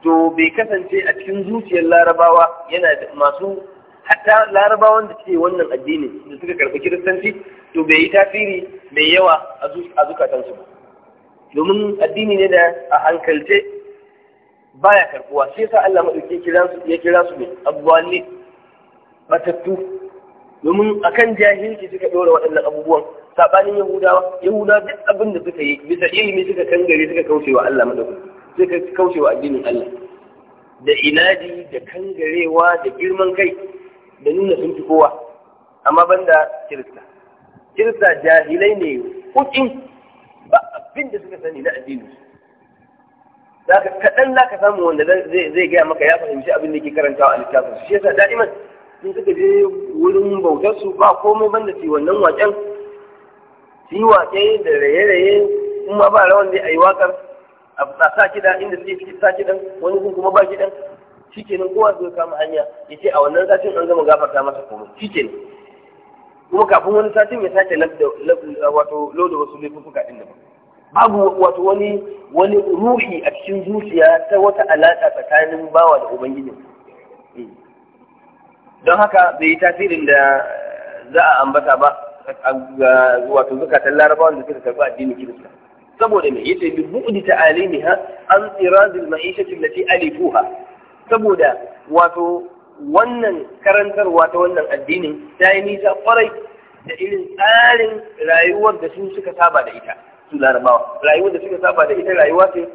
to bai kasance a cikin zuciyar larabawa yana da masu hatta larabawan da suke wannan addinin da suka karɓi kiristanci to bai yi tasiri mai yawa a zukatansu ba domin addini ne da a hankalce baya karbuwa shi yasa Allah madauki kira su ya kira su ne abwali matattu domin akan jahilci suka dora waɗannan abubuwan sabanin yahudawa yahudawa duk abin da suka yi bisa ilimi suka kangare suka kaucewa Allah madauki suka kaucewa addinin Allah da inadi da kangarewa da girman kai da nuna sun fi kowa amma banda kirista kirista jahilai ne kuɗin ba abin da suka sani na addinin su kaɗan za ka samu wanda zai gaya maka ya fahimci abin da ke karantawa a littafin shi yasa da'iman sun suka je wurin bautar su ba komai ban da wannan waken su yi wake da raye-raye kuma ba rawan da yi wakar a sa kiɗa inda suke sa kiɗan wani sun kuma ba kiɗan shi kenan kowa zai kama hanya ya ce a wannan satin an gama gafarta masa komai shi kenan kuma kafin wani satin ya sake wato loda wasu laifuka ɗin da ba babu wato wani wani ruhi a cikin zuciya ta wata alaƙa tsakanin bawa da ubangiji don haka bai yi tasirin da za a ambata ba wato zukatan larabawan da suka karɓi addinin kirista saboda me yace bi bu'di ta'alimiha an tirazil ma'ishati allati alifuha saboda wato wannan karantarwa ta wannan addinin ta yi nisa kwarai da irin tsarin rayuwar da su suka saba da ita larabawa rayuwar da suka saba da ita rayuwa ce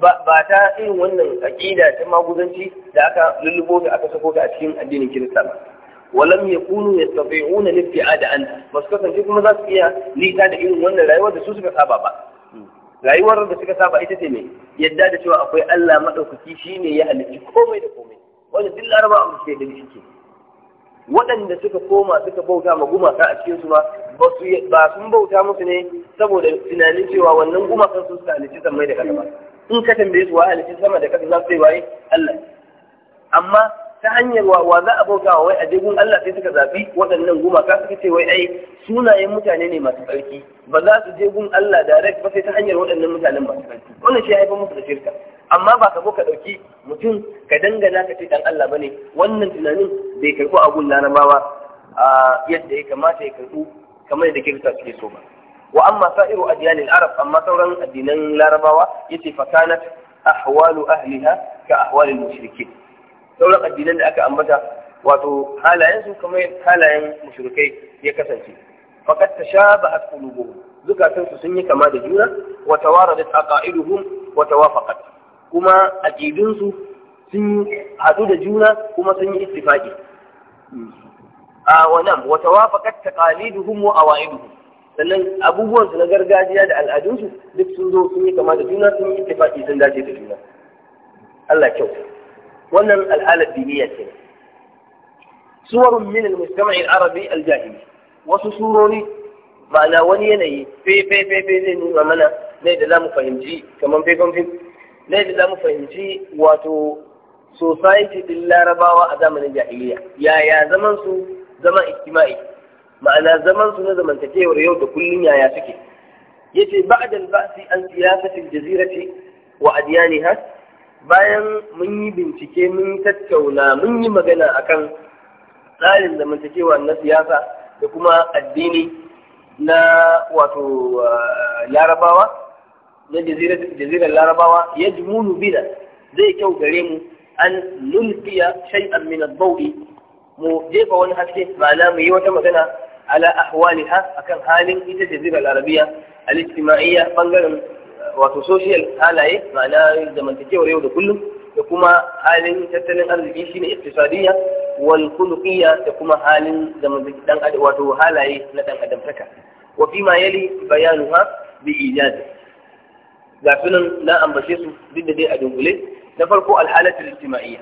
ba ta irin wannan aƙida ta maguzanci da aka lullubo da aka sako ta a cikin addinin kirista ba walam yakunu yastati'una da an ba su kasance kuma za su iya lita da irin wannan rayuwar da su suka saba ba rayuwar da suka saba ita ce ne yadda da cewa akwai Allah madaukaki shine ya halicci komai da komai wannan duk laraba ba musulmi da shi ke waɗanda suka koma suka bauta ma gumaka a cikin su ma ba sun bauta musu ne saboda tunanin cewa wannan gumakan su suka halicci sammai da kasa ba in ka tambaye su wa halicci sama da kasa za su yi waye Allah amma ta hanyar wa za a bauta wa wai a jegun Allah sai suka zabi waɗannan gumaka suka ce wai ai sunayen mutane ne masu tsarki ba za su je gun Allah direct ba sai ta hanyar waɗannan mutanen masu tsarki wannan shi ya haifar musu da shirka amma ba ka zo ka ɗauki mutum ka dangana ka ce dan Allah bane wannan tunanin bai karɓi abun larabawa yadda ya kamata ya karɓu kamar yadda kirista suke so ba wa amma sa'iru adyanil arab amma sauran addinan larabawa yace fa kanat ahwalu ahliha ka ahwalil mushrikin sauran addinan da aka ambata wato halayen su kamar halayen mushrikai ya kasance faqad tashabahat qulubuhum zukatan su sun yi kama da juna wa tawaradat aqaiduhum wa tawafaqat kuma aƙidunsu sun haɗu da juna kuma sun yi ittifaqi a wannan wa tawafaqat taqaliduhum wa awaiduhum sannan abubuwansu na gargajiya da al'adunsu duk sun zo sun yi kama da juna sun yi ittifaqi sun dace da juna Allah kyau wannan al'alar diniya ce suwarun min al-mustama'i arabi al-jahili wasu surori ma'ana wani yanayi fe zai nuna mana ne da zamu fahimci kamar faifan fim na yadda za mu fahimci wato society din larabawa a zamanin jahiliya yaya zaman su zaman ijtima'i ma'ana zaman su na zamantakewar yau da kullun yaya suke yace ba'dal basi an siyasatil jazirati wa adyaniha bayan mun yi bincike mun tattauna mun yi magana akan tsarin zamantakewa na siyasa da kuma addini na wato uh, larabawa na jazirar larabawa ya jimunu zai kyau gare mu an lulfiya shay'an min ad-dawi mu jefa wani haske ma'ana mu yi wata magana ala ahwaliha akan halin ita jazirar larabiya al-ijtima'iyya bangaren eh, wato social halaye ma'ana zamantakewar yau da kullum da kuma halin tattalin arziki shine iktisadiyya wal khuluqiyya da kuma halin zamantakewar dan adam wato halaye na dan adamtaka taka wa ma yali bayanuha bi ijadi ga nan na ambace su duk da dai a dungule na farko alhalatul ijtima'iyya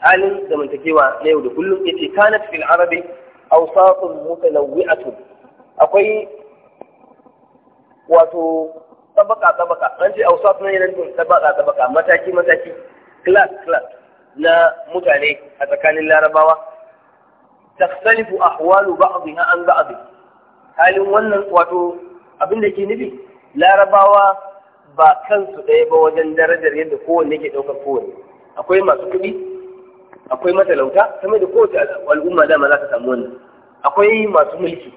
halin zamantakewa na yau da kullum yace kanat fil arabi awsatun mutanawwi'atun akwai wato tabaka tabaka an ce awsat nan yana nufin tabaka tabaka mataki mataki class class na mutane a tsakanin larabawa takhtalifu ahwalu ba'dha an ba'd halin wannan wato abin da ke nufi larabawa ba kansu ɗaya ba wajen darajar yadda kowanne ke ɗaukar kowanne akwai masu kuɗi akwai matalauta kamar da kowace al'umma dama za ta samu wannan akwai masu mulki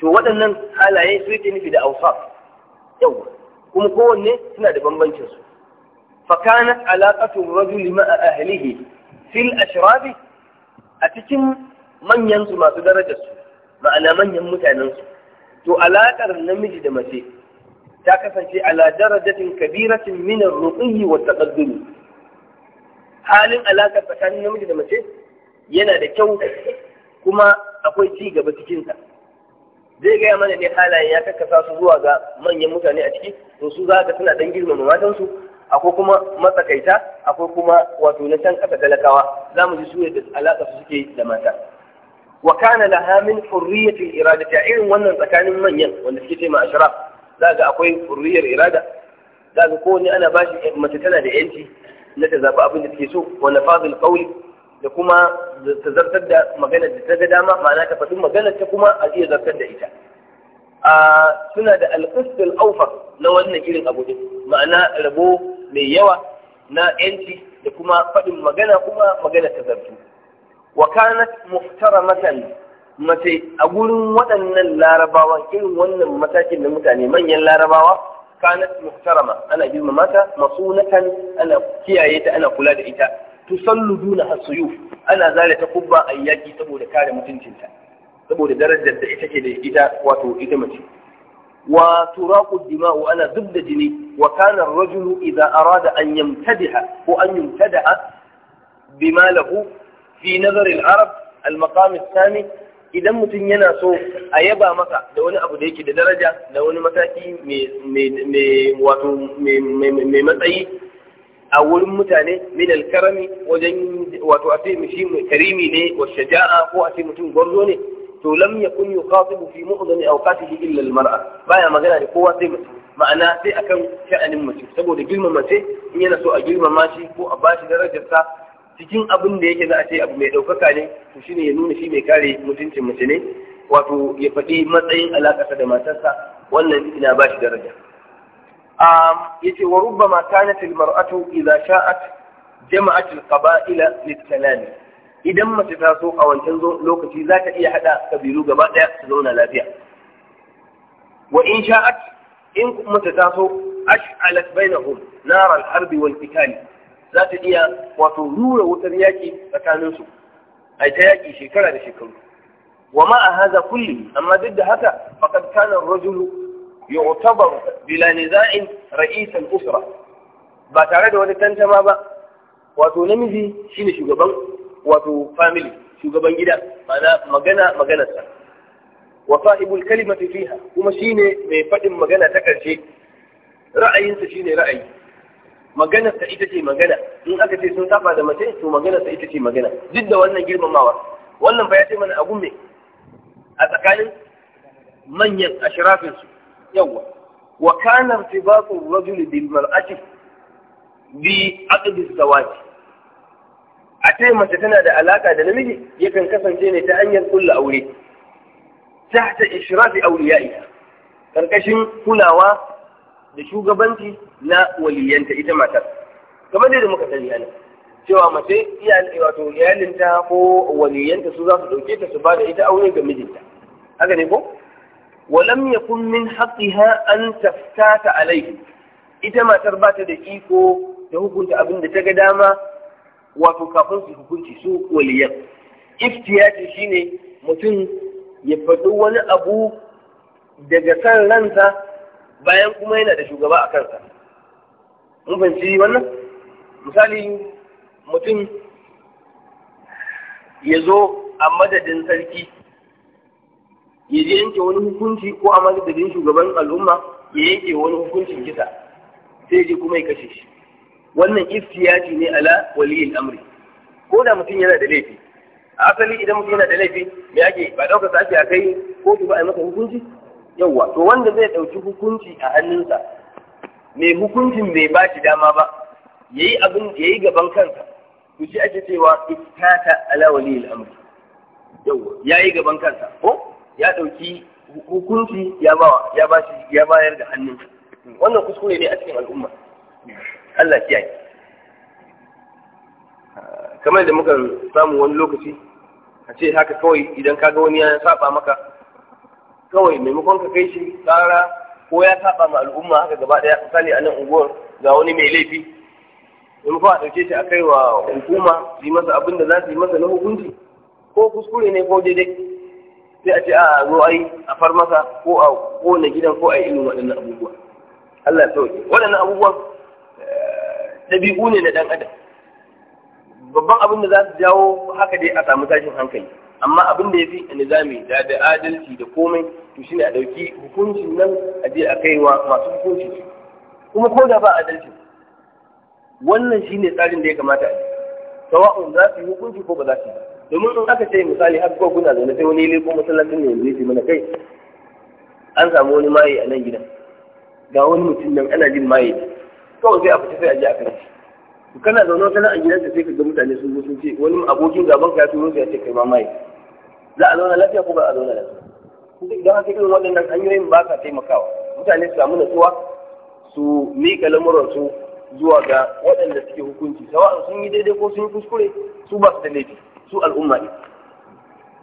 to waɗannan halaye su yake nufi da aufa yau kuma kowanne suna da bambancin su fakanat alaqatu rajuli ma'a ahlihi fil ashrabi a cikin manyan masu darajar ma'ana manyan mutanen su to alaƙar namiji da mace ta kasance ala darajatin kabiratin min ar-ruqi wa taqaddum halin alaka tsakanin namiji da mace yana da kyau kuma akwai ci gaba cikin sa zai gaya mana ne halayen ya kakkasa su zuwa ga manyan mutane a ciki to su za ka suna dan girmama matansu akwai kuma matsakaita akwai kuma wato na can kasa talakawa za mu ji su yadda alaƙa su suke da mata wa kana laha min hurriyatil iradati irin wannan tsakanin manyan wanda suke taimaka ma ashraf za ga akwai furiyar irada za ga kowane ana ba shi mace tana da yanci na ta zaɓi abin da take so wanda fazil kauli da kuma ta zartar da magana da ta ga dama ma'ana ta faɗi magana ta kuma a iya zartar da ita a suna da alƙistul aufar na wannan irin abu din ma'ana rabo mai yawa na yanci da kuma faɗin magana kuma magana ta zartu wa kanat muhtaramatan mace a gurin waɗannan larabawa irin wannan matakin da mutane manyan larabawa kanat muhtarama ana girmama ta masunatan ana kiyaye ta ana kula da ita tusalluduna hasuyuf ana zare ta kubba ayyaki saboda kare mutuncinta saboda darajar da ita ke da ita wato ita mace wa turaqu dima'u ana zubda jini wa kana ar-rajulu idha arada an yamtadiha ko an yumtadaha bima lahu fi nazar al-arab al-maqam ath-thani idan mutum yana so a yaba maka da wani abu da yake da daraja da wani mataki mai matsayi a wurin mutane min alkarami wajen wato a ce shi karimi ne wa shaja'a ko a ce mutum gwarzo ne to lam yakun yuqatibu fi mu'dhami awqatihi illa almar'a baya magana da kowa sai mutum ma'ana sai akan sha'anin mutum saboda girmama ce in yana so a girmama shi ko a bashi darajarsa cikin abin da yake za a ce abu mai ɗaukaka ne to ne ya nuna shi mai kare mutuncin mace ne wato ya faɗi matsayin alaƙarsa da matarsa wannan ina ba shi daraja yace wa mata na almar'atu idan sha'at jama'at alqaba'ila ila kalami idan mace ta so a wancan lokaci za ta iya haɗa kabilu gaba ɗaya su zauna lafiya wa in sha'at in mace ta so ash'alat bainahum nar al-harbi wal qitali za ta iya wato rura wutar yaƙi tsakaninsu a ta yaƙi shekara da shekaru wa ma a haza kulli amma duk da haka faqad kana ar-rajulu yu'tabaru bila niza'in ra'is usra ba tare da wani tantama ba wato namiji shine shugaban wato family shugaban gida ma'ana magana maganarsa wa sahibul kalimati fiha kuma shine mai faɗin magana ta ƙarshe ra'ayinsa shine ra'ayi magana ta ita ce magana in aka ce sun saba da mace to maganar ta ita ce magana duk da wannan girmamawa wannan fa ya ce mana abu me a tsakanin manyan ashirafin su yawa wa kana irtibatu rajul bil mar'ati bi aqdi zawaj a ce mace tana da alaka da namiji yakan kasance ne ta hanyar kulla aure tahta ishrafi awliya'iha karkashin kulawa da shugabanci na waliyanta ita matar kamar dai da muka sani ana cewa mace wato iyalinta ko waliyanta su za su dauke ta su ba da ita aure ga mijinta haka ne ko walam yakun min haqqiha an taftata alayhi ita matar ba ta da iko da hukunta abin da ta ga dama wato kafin su hukunci su waliyan iftiyati shine mutum ya faɗi wani abu daga san ransa bayan kuma yana da shugaba a kansa mun fahimci wannan misali mutum ya zo a madadin sarki ya je yanke wani hukunci ko a madadin shugaban al'umma ya yanke wani hukuncin kisa sai je kuma ya kashe shi wannan ce ne ala waliyin amri ko da mutum yana da laifi A asali idan mutum yana da laifi me ake ba ɗaukar sa ake a kai ko ba a yi masa hukunci yawwa to wanda zai ɗauki hukunci a hannunsa mai hukuncin bai ba shi dama ba yi abin da yi gaban kansa to shi ake cewa iftata ala wali al-amr yawwa yi gaban kansa ko ya ɗauki hukunci ya ba ya ba shi ya bayar da hannunsa wannan kuskure ne a cikin al'umma Allah kiyaye kamar da muka samu wani lokaci a ce haka kawai idan kaga wani ya saba maka kawai maimakon ka kai shi tsara ko ya saba ma al'umma haka gaba daya misali a nan unguwar ga wani mai laifi maimakon a ɗauke shi a kai wa hukuma yi masa abin da za su yi masa na hukunci ko kuskure ne ko daidai sai a ce a zo ai a far masa ko a kona gidan ko a yi irin waɗannan abubuwa Allah ya sauke waɗannan abubuwan eh, ɗabi'u ne na ɗan adam babban abin da za su jawo haka dai a samu tashin hankali amma abin da ya fi nizami da da adalci da komai to shine a dauki hukuncin nan a je a kaiwa masu hukunci kuma ko da ba adalci wannan shine tsarin da ya kamata a yi. sawa'un za su yi hukunci ko ba za su yi domin in aka ce misali har ko kuna zaune sai wani laifin masallacin ne yanzu ya mana kai an samu wani maye a nan gidan ga wani mutum nan ana jin maye kawai sai a fita sai a je a karanci kana zaune kana a gidansa sai ka ga mutane sun zo sun ce wani abokin gaban ka ya turo sai ya ce kai ma maye za a zauna lafiya ko ba a zauna lafiya idan haka irin waɗannan hanyoyin ba ka taimakawa mutane su samu natsuwa su miƙa lamuransu zuwa ga waɗanda suke hukunci sawa'an sun yi daidai ko sun yi kuskure su ba su da laifi su al'umma ne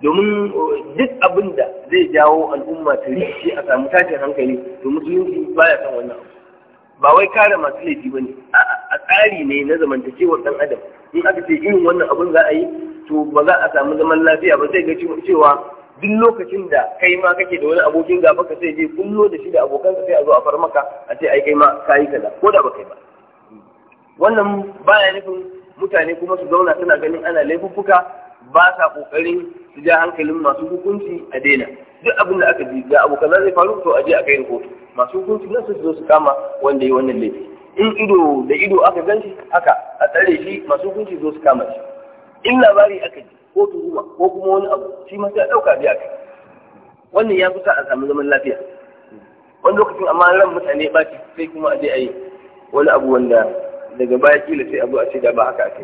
domin eh, duk abin da zai jawo al'umma ta rikice a samu tashin hankali to musulunci baya son wannan abu ba wai kare masu laifi ba ne a tsari ne na zamantakewar ɗan adam in aka ce irin wannan abin za a yi to ba za a samu zaman lafiya ba sai ga cewa duk lokacin da kai ma kake da wani abokin gaba ka sai je kullo da shi da abokansa sai a zo a far maka a ce ai kai ma kayi kaza ko da ba kai ba wannan baya nufin mutane kuma su zauna suna ganin ana laifuffuka ba sa kokarin su ja hankalin masu hukunci a daina duk abin da aka ji ga abu kaza zai faru to a je a kai rahoto masu hukunci na su zo su kama wanda ya wannan laifi in ido da ido aka gan shi haka a tsare shi masu hukunci zo su kama shi in labari aka ji ko tuhuma ko kuma wani abu shi ma sai a ɗauka biya kai wannan ya fi sa a samu zaman lafiya wani lokacin amma ran mutane ba sai kuma a je a yi wani abu wanda daga baya kila sai abu a ce da ba haka ake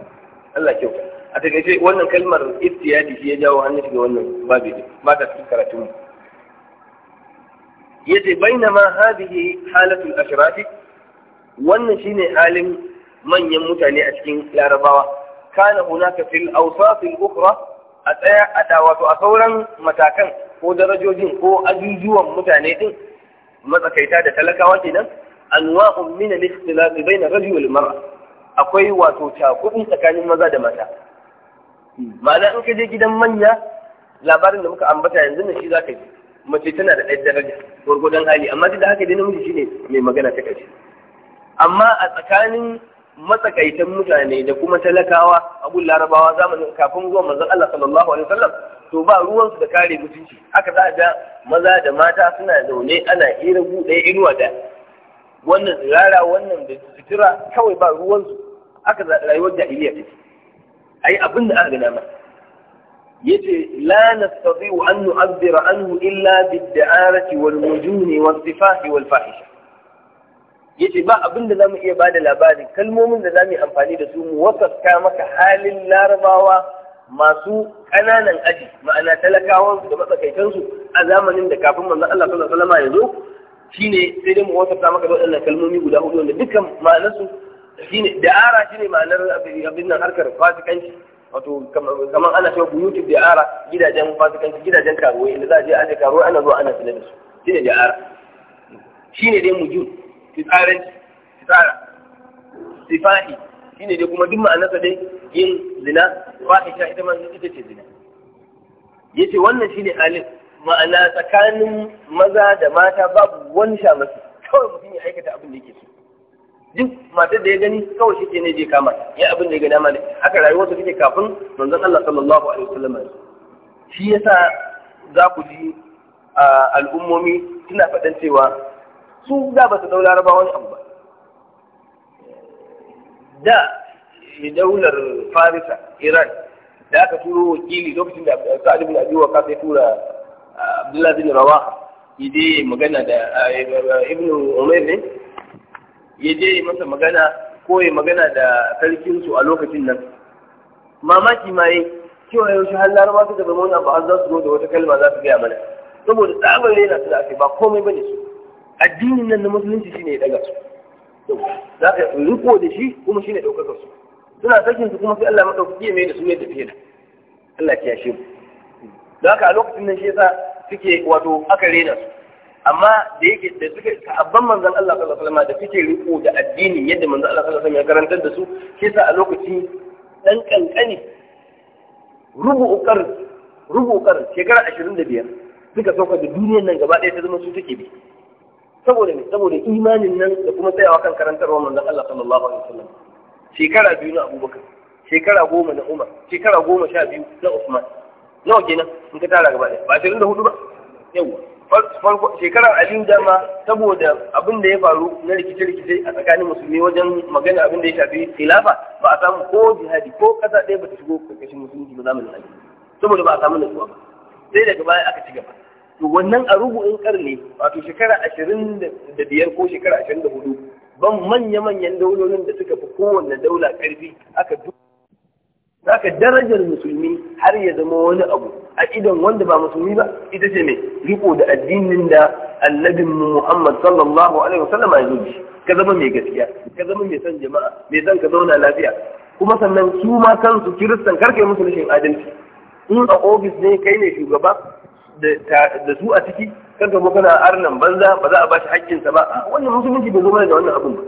Allah kyau a takaice wannan kalmar iftiyadi shi ya jawo hannun shiga wannan babu ne ba ta cikin karatun mu yace bainama hadhihi halatul ashrafi wannan shine halin manyan mutane a cikin larabawa kana hunaka fil awsaf al ukhra a tsaya a wato a sauran matakan ko darajojin ko ajujuwan mutane din matsakaita da talakawa kenan anwa'un min al-ikhtilaf bain rajul wal mar'a akwai wato cakuɗi tsakanin maza da mata ma'ana in ka je gidan manya labarin da muka ambata yanzu na shi zaka ji mace tana da ɗaya daraja gwargwadon hali amma duk da haka dai namiji shine mai magana ta ƙarshe amma a tsakanin matsakaitan mutane da kuma talakawa abun larabawa zamanin kafin zuwa manzon Allah sallallahu alaihi wasallam to ba ruwansu da kare mutunci haka za a ga maza da mata suna zaune ana hira buɗe inuwa da wannan tsirara wannan da sutura kawai ba ruwansu haka rayuwar jahiliya take ai abin da aka gana ma yace la nastati'u an nu'abbira anhu illa bid-da'arati wal mujuni was-sifahi wal fahisha yace ba abin da zamu iya bada labarin kalmomin da zamu yi amfani da su mu wasafta maka halin larabawa masu ƙananan aji ma'ana talakawan da matsakaitansu a zamanin da kafin manzon Allah sallallahu alaihi wasallam ya zo shine sai dai mu wasafta maka da waɗannan kalmomi guda hudu wanda dukkan ma'anarsu shine da'ara shine ma'anar abin nan harkar fasikanci wato kamar ana cewa buyuti da'ara gidajen fasikanci gidajen karuwa inda za a je a je karuwa ana zuwa ana sanar da su shine da'ara shine dai mujud tsarin fitsara sifahi shine dai kuma duk ma'anarsa dai yin zina fahisha ita ma ita ce zina yace wannan shine halin ma'ana tsakanin maza da mata babu wani sha masu kawai mutum ya aikata abin da yake so duk matar da ya gani kawai shi ke ne je kama ya abin da ya gana mana haka su take kafin manzon Allah sallallahu alaihi wasallam shi yasa za ku ji al'ummomi suna faɗan cewa su da ba su dau ba wani abu ba da daular farisa iran da aka turo wakili lokacin da sa'ad ibn abi waqas ya tura Abdullahi bin rawaha yaje magana da ibn umayr ne yaje masa magana ko ya magana da sarkin a lokacin nan mamaki ma yi cewa yaushe har laraba suka zama wani abu har za su zo da wata kalma za su gaya mana saboda tsabar rena su da ake ba komai ba ne su addinin nan na musulunci shine ya daga su za ka riko da shi kuma shine ɗaukaka su suna sakin su kuma sai Allah madaukaki ya mai da su yadda fiye Allah ya shi da haka a lokacin nan shi yasa suke wato aka rena su amma da yake da suka sahabban manzon Allah sallallahu alaihi wasallam da suke riko da addini yadda manzon Allah sallallahu alaihi wasallam ya karantar da su shi yasa a lokaci dan kankani rubu ukar rubu ukar shekara 25 suka sauka da duniyar nan gaba ɗaya ta zama su take bi saboda ne saboda imanin nan da kuma tsayawa kan wannan manzon Allah sallallahu alaihi wasallam shekara biyu na Abubakar shekara goma na Umar shekara goma sha biyu na Usman nawa kenan in ka tara gaba ba 24 da hudu ba yawa farko shekarar Aliyu dama saboda abin da ya faru na rikice-rikice a tsakanin musulmi wajen magana abin da ya shafi khilafa ba a samu ko jihadi ko kasa ɗaya ba ta shigo karkashin musulmi ba zamanin Ali saboda ba a samu nutsuwa ba sai daga baya aka ci gaba to wannan a rubu'in karni wato shekara ashirin da biyar ko shekara ashirin da hudu ban manya-manyan daulolin da suka fi kowanne daula karfi aka Zaka darajar musulmi har ya zama wani abu a idon wanda ba musulmi ba ita ce mai riko da addinin da annabin Muhammad sallallahu alaihi wasallam ya zo ka zama mai gaskiya ka zama mai san jama'a mai san ka zauna lafiya kuma sannan su ma kansu kiristan karke musu rashin adalci in a ofis ne kai ne shugaba da su a ciki kan ka kana arnan banza ba za a ba shi haƙƙinsa ba ah, wannan musulunci bai zo mana da wannan abin ba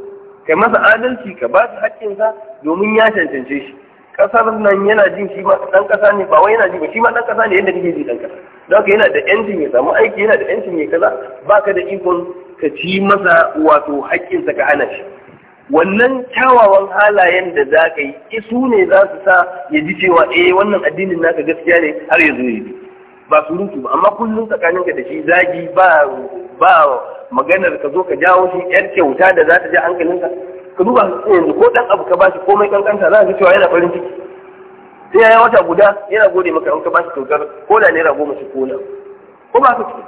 kai masa adalci ka ba shi haƙƙinsa domin ya cancance shi ƙasar nan yana jin shi ma ɗan ƙasa ne ba wai yana jin ba shi ma ɗan ƙasa ne yadda kake ji ɗan ƙasa don haka yana da yancin ya samu aiki yana da yancin ya kaza baka da ikon ka ci masa wato haƙƙinsa ka hana shi wannan kyawawan halayen da za ka yi isu ne za su sa ya ji cewa eh wannan addinin naka gaskiya ne har ya zo ya ba surutu ba amma kullum tsakaninka da shi zagi ba ba maganar ka zo ka jawo shi yar kyauta da za ta ji hankalinka ka duba yanzu ko dan abu ka bashi komai kankanta za ka cewa yana farin ciki sai ya wata guda yana gode maka in ka bashi kyautar ko da naira goma shi kona ko ba ka ci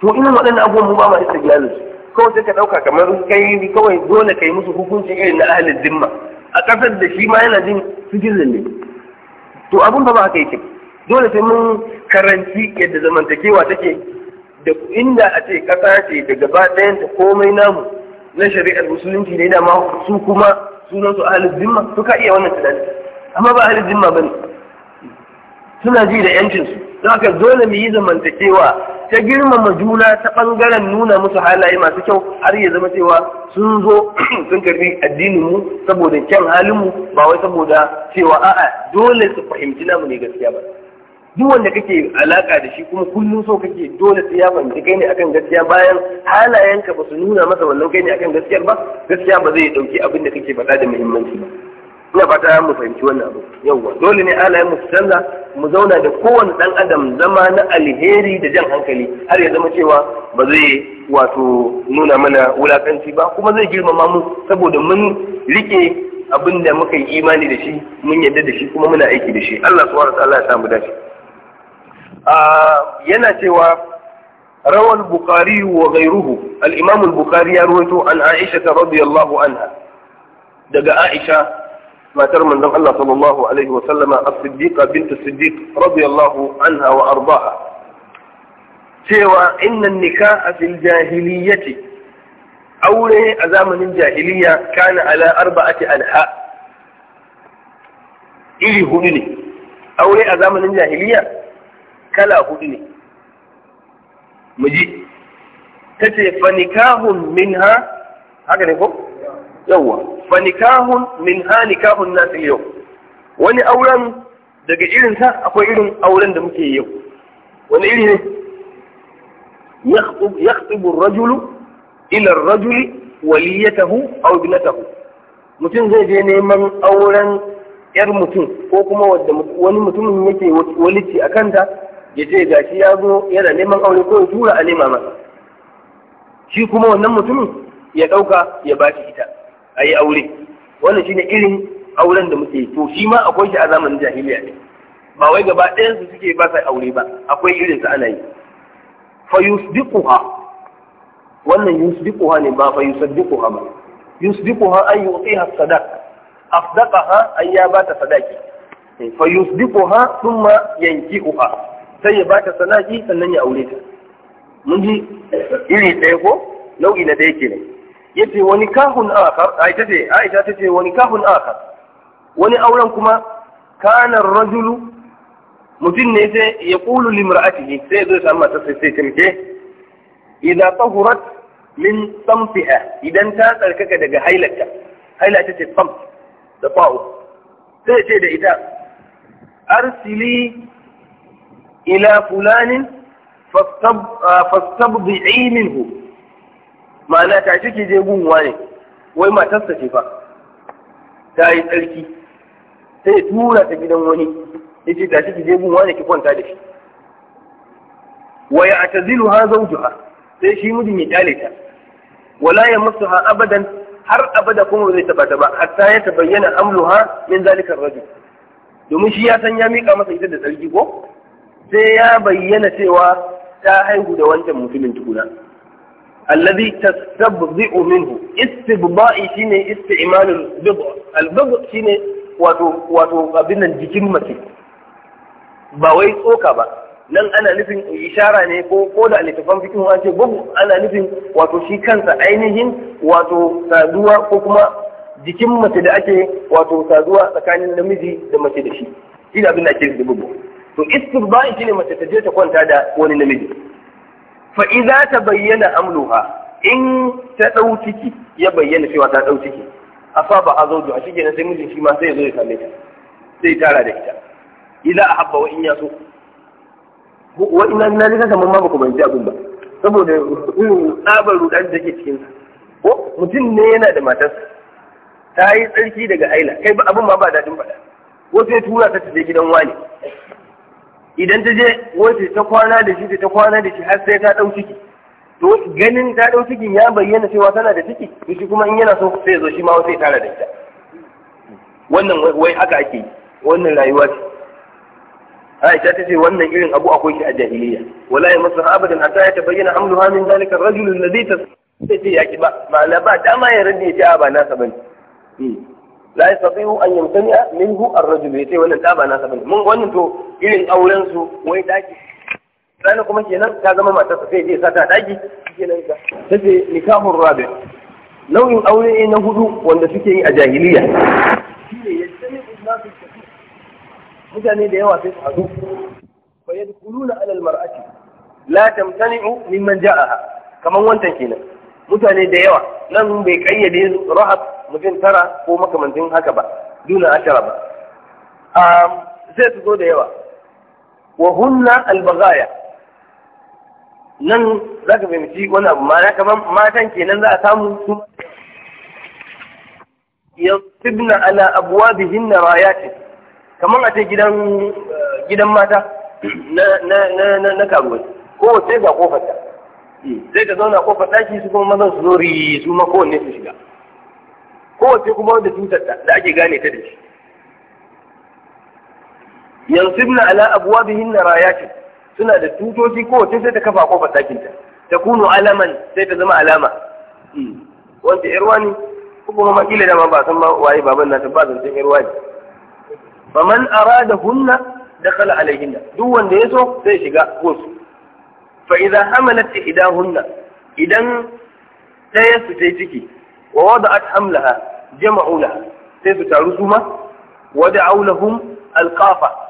to ina waɗannan abubuwan mu ba ma isa gyara su kawai sai ka ɗauka kamar kai kawai dole ka yi musu hukuncin irin na ahalin zimma a ƙasar da shi ma yana jin su ne to abin ba ba haka yake ba dole sai mun karanci yadda zamantakewa take da inda a ce ƙasa ce da gaba ɗayanta komai namu na shari'ar musulunci ne dama su kuma sunan su ahalin zimma su ka iya wannan tunani amma ba ahalin zimma ba ne suna ji da yancinsu don haka dole mu yi zamantakewa ta girmama juna ta bangaren nuna musu halaye masu kyau har ya zama cewa sun zo sun karbi addininmu saboda kyan mu ba wai saboda cewa a'a dole su fahimci namu ne gaskiya ba. duk wanda kake alaka da shi kuma kullum so kake dole sai ya fahimci kai ne akan gaskiya bayan halayenka ba su nuna masa wannan kai ne akan gaskiyar ba gaskiya ba zai dauki abin da kake faɗa da muhimmanci ba ina fata mu fahimci wannan abu yawwa dole ne halayen mu canza mu zauna da kowane dan adam zama na alheri da jan hankali har ya zama cewa ba zai wato nuna mana wulakanci ba kuma zai girmama mu saboda mun rike abin da muka yi imani da shi mun yarda da shi kuma muna aiki da shi Allah subhanahu wa ta'ala ya samu dace yana cewa rawar bukari wa gairuhu al’imamun bukari ya ruwaito an aisha ta radiyallahu anha daga aisha matar manzon Allah sallallahu alaihi wasallama a siddiqa bintu siddiq radiyallahu anha wa arba'a cewa innan nikaha fil jahiliyyati aure a zamanin jahiliya kana ala arba'ati alha iri hudu ne aure a zamanin jahiliya kala hudu ne mu ji ta ce fanikahun ha haka ne ko yawwa fanikahun ha nikahun nasu yau wani auren daga irin irinsa akwai irin auren da muke yau wani iri ne yakhtubu rajulu ilar rajuli waliyatahu aw binatahu mutum zai je neman auren yar mutum ko kuma wanda wani mutumin yake walici a kanta ya ce gashi ya zo yana neman aure ko ya tura a nema masa shi kuma wannan mutumin ya ɗauka ya ba shi ita a yi aure wannan shine irin auren da muke to shi ma akwai shi a zamanin jahiliya ne ba wai gaba ɗayan su suke ba sa aure ba akwai irin su ana yi fa yusdiquha wannan yusdiquha ne ba fa yusaddiquha ba yusdiquha an yu'tiha sadaq afdaqaha an ya ba ta sadaqi fa yusdiquha thumma yankihuha sai ya bata sanaki sannan ya aure ta mun ji iri ɗaya ko nau'i na ɗaya kenan ce wani kahun akar aisha ce aisha ta ce wani kahun akar wani auren kuma kanar rajulu mutum ne sai ya qulu limra'atihi sai zai samu mata sai sai tamke idan tahurat min samfiha idan ta tsarkaka daga hailarta haila ce samf da fa'u sai ce da ita arsili ila fulanin فاستبضعي منه ما لا shi ke واني وما تستشفى تاي تلكي تاي تورا واني tsarki sai ya tura ta gidan wani زوجها ce شي ki ولا gunwa أبدا har abada kuma zai taba ta ba hatta ya tabayyana amluha min zalikar rajul domin shi ya san ya mika masa ita da tsarki ko sai ya bayyana cewa ta haihu da wancan mutumin tukuna alladhi tastabzi'u minhu istibba'i shine isti'malul bid'a al-bid'a shine wato wato abin jikin mace ba wai tsoka ba nan ana nufin ishara ne ko ko da alifafan fikihu an ce ana nufin wato shi kansa ainihin wato saduwa ko kuma jikin mace da ake wato saduwa tsakanin namiji da mace da shi shi da abin da ake da bugu to istibda'i shine mace ta je ta kwanta da wani namiji fa idza tabayyana amluha in ta dau ciki ya bayyana cewa ta dau ciki asaba azawju a shige sai mijin shi ma sai ya zo ya same ta sai tara da ita idza ahabba wa in yaso wa inna lillahi kamar ma ku bayyana abin ba saboda irin tsabar rudan da ke cikin ko mutum ne yana da matarsa ta yi tsarki daga aila kai ba abin ma ba dadin faɗa ko sai tura ta je gidan wani idan ta je wata ta kwana da shi ta kwana da shi har sai ta ɗau ciki to ganin ta ɗau cikin ya bayyana cewa tana da ciki to shi kuma in yana so sai zo shi ma sai tara da ita wannan wai haka ake yi wannan rayuwa ce Aisha ta ce wannan irin abu akwai shi a jahiliya wala ya masu abadan hatta ya tabayyana amluha min zalika rajulun ladhi ta ce ya ki ba ma'ana ba dama ya rade ya ce ba nasa bane hmm. la yastati'u an yamtani'a minhu ar-rajul yace wannan taba ba nasa bane mun wannan to irin auren su wai daki Sani kuma kenan ta zama matarsa sai je sata daki kenan Ta sai nikahur rabi nau'in aure na hudu wanda suke yi a jahiliya Shi ne mutane da yawa sai su hadu fa yadkhuluna ala al-mar'ati la tamtani'u mimman ja'aha kaman wantan kenan mutane da yawa nan bai kayyade rahab mutum tara ko makamancin haka ba duna ashara ba sai su zo da yawa wa hunna albagaya nan za ka fahimci wani abu ma kamar matan kenan za a samu su yasibna ala abwabihinna ce. kamar a ce gidan mata na na na na karuwa kowace ga kofarta Zai ta zauna kofar ɗaki su kuma mazan su zo su ma kowanne su shiga kowace kuma wanda cutar da ake gane ta da shi yansibna ala abuwa raya ce suna da tutoci kowace sai ta kafa kofar ɗakin ta kuno alaman sai ta zama alama hmm. wanda yar ne? kuma ma kila da ma ba san ma waye baban nata ba zan san yar wani faman arada hunna dakhala alaihinna duk wanda ya so sai shiga kosu fa idza hamalat ihdahunna idan daya su tai ciki wa wada'at hamlaha jama'u laha sai su taru su ma wada'u lahum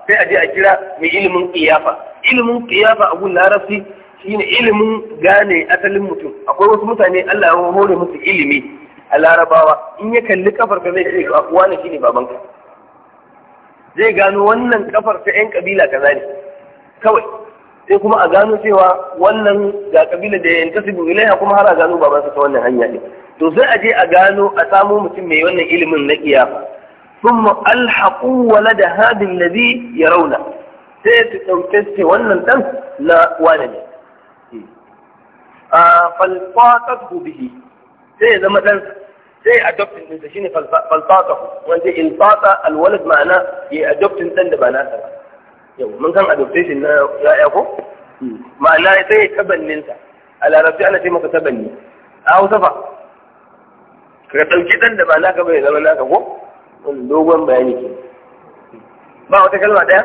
sai a je a kira mai ilimin qiyafa ilimin qiyafa abu larabci shine ilimin gane asalin mutum akwai wasu mutane Allah ya hore musu ilimi a larabawa in ya kalli kafar ka zai ce wani shine babanka zai gano wannan kafar ta yan kabila kaza ne kawai sai kuma a gano cewa wannan ga kabila da yanta su ilaiha kuma har a gano babansa ta wannan hanya ne to sai a je a gano a samo mutum mai wannan ilimin na kiyafa thumma alhaqu walada hadha alladhi yarawna sai su dauke ce wannan dan na wani ne a falfaqatu bihi sai zama dan sai adoptin din shine falfaqatu wanda ilfaqa alwalad ma'ana ya adoptin dan da ba ba yau mun kan adoptation na ya'ya ko hmm. ma'ana ya sai tabannin sa a larabci ana ce masa tabanni a hausa fa ka ɗauki ɗan da ba naka bai zama naka ko dogon bayani ke ba wata kalma ɗaya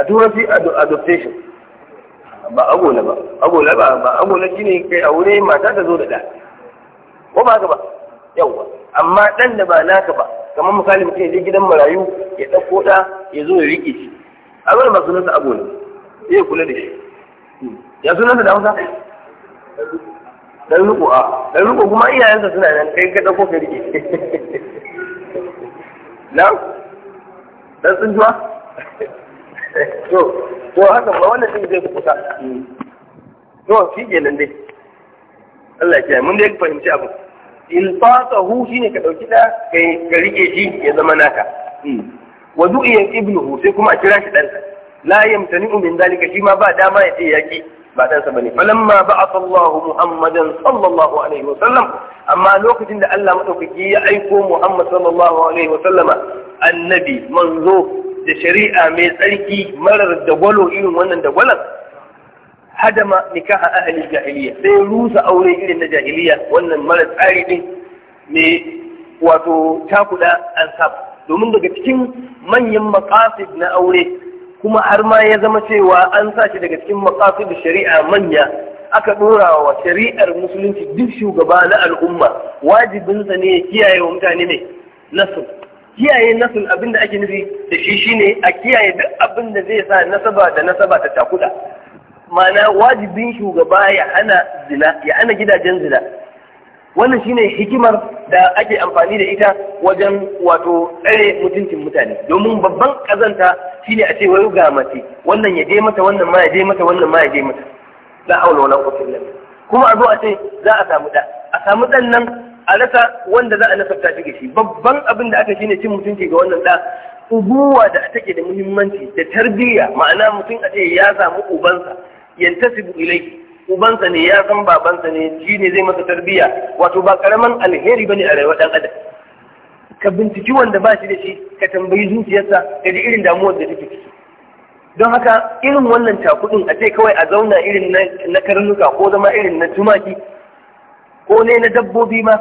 a turanci adoptation ba agola ba agola ba ba agola shine kai a wuri mata ta zo da ɗa ko ba ka ba yawwa amma ɗan da ba naka ba kamar misali mutum ya je gidan marayu ya ɗauko ɗa ya zo ya riƙe shi a zuwa ba sunansa abu ne ya kula da shi ya sunansa da hausa dan riƙo a dan riƙo kuma iyayensa suna nan kai ka ɗauko ka riƙe na dan tsinjuwa to to haka ba wannan shi zai kusa to shi kenan dai Allah ya kiyaye mun dai fahimci abu. shi ne ka dauki da ka riƙe shi ya zama naka hmm. wa du'iya ibnuhu sai kuma a kira shi ɗansa la yamtani'u min zalika shi ma ba dama ya ce yaki ba ɗansa bane falamma a Sallahu Muhammadan sallallahu alaihi wa sallam amma lokacin da Allah madaukaki ya aiko Muhammad sallallahu alaihi wa sallama annabi manzo da shari'a mai tsarki marar dagwalo irin wannan dagwalon hadama nikaha ahli jahiliya sai rusa aure irin na jahiliya wannan mara tsari din ne wato takuda ansab domin daga cikin manyan maqasid na aure kuma har ma ya zama cewa an sa shi daga cikin maqasid shari'a manya aka dora wa shari'ar musulunci duk shugaba na al'umma wajibinsa ne ya kiyaye wa mutane ne nasu kiyaye nasul abinda ake nufi da shi shine a kiyaye duk abinda zai sa nasaba da nasaba ta takuda ma'ana wajibin shugaba ya hana zina ya hana gidajen zina wannan shine hikimar da ake amfani da ita wajen wato tsare mutuncin mutane domin babban kazanta shine a ce wai ga mace wannan ya je mata wannan ma ya je mata wannan ma ya je mata la haula wala quwwata illa kuma a zo a ce za a samu da a samu dan nan a rasa wanda za a nasarta shi ga shi babban abin da aka shine cin mutunci ga wannan da ubuwa da take da muhimmanci da tarbiyya ma'ana mutum a ce ya samu ubansa yantasibu ilai ubansa ne ya san babansa ne shi ne zai masa tarbiyya wato ba karaman alheri bane a rayuwar dan adam ka binciki wanda ba shi da shi ka tambayi zuciyarsa ka ji irin damuwar da take ciki don haka irin wannan takudin a ce kawai a zauna irin na karnuka ko zama irin na tumaki ko ne na dabbobi ma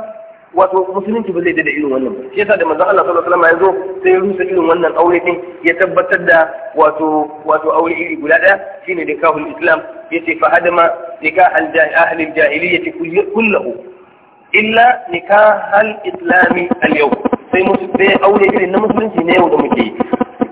wato musulunci ba zai da irin wannan ba shi yasa da manzon Allah sallallahu alaihi wasallam ya zo sai ya rusa irin wannan aure din ya tabbatar da wato wato aure iri guda daya shine da kahul islam yace fa hadama nikah al ahli al jahiliyyah kullahu illa nikah al islami al yau sai musu sai aure irin na musulunci ne yau da muke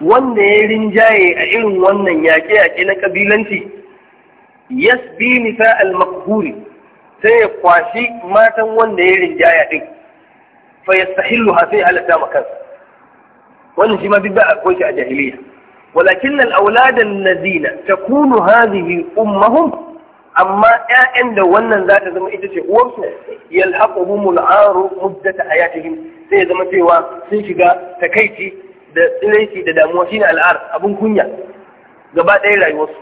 wanda ya rinjaye a irin wannan yaƙe-yaƙe na ƙabilanci yasbi nisa al-makhuri sai ya kwashi matan wanda ya rinjaya din fa yastahillu ha sai halatta ma kansa wannan shi ma duk da akwai shi a jahiliya walakin al-awlad allazina takunu hadhihi ummuhum amma ƴaƴan da wannan za ta zama ita ce uwarsu yalhaquhumul aru muddat hayatihim sai ya zama cewa sun shiga takaici da tsinaiki da damuwa shi shine al'ar abin kunya gaba ɗaya rayuwarsu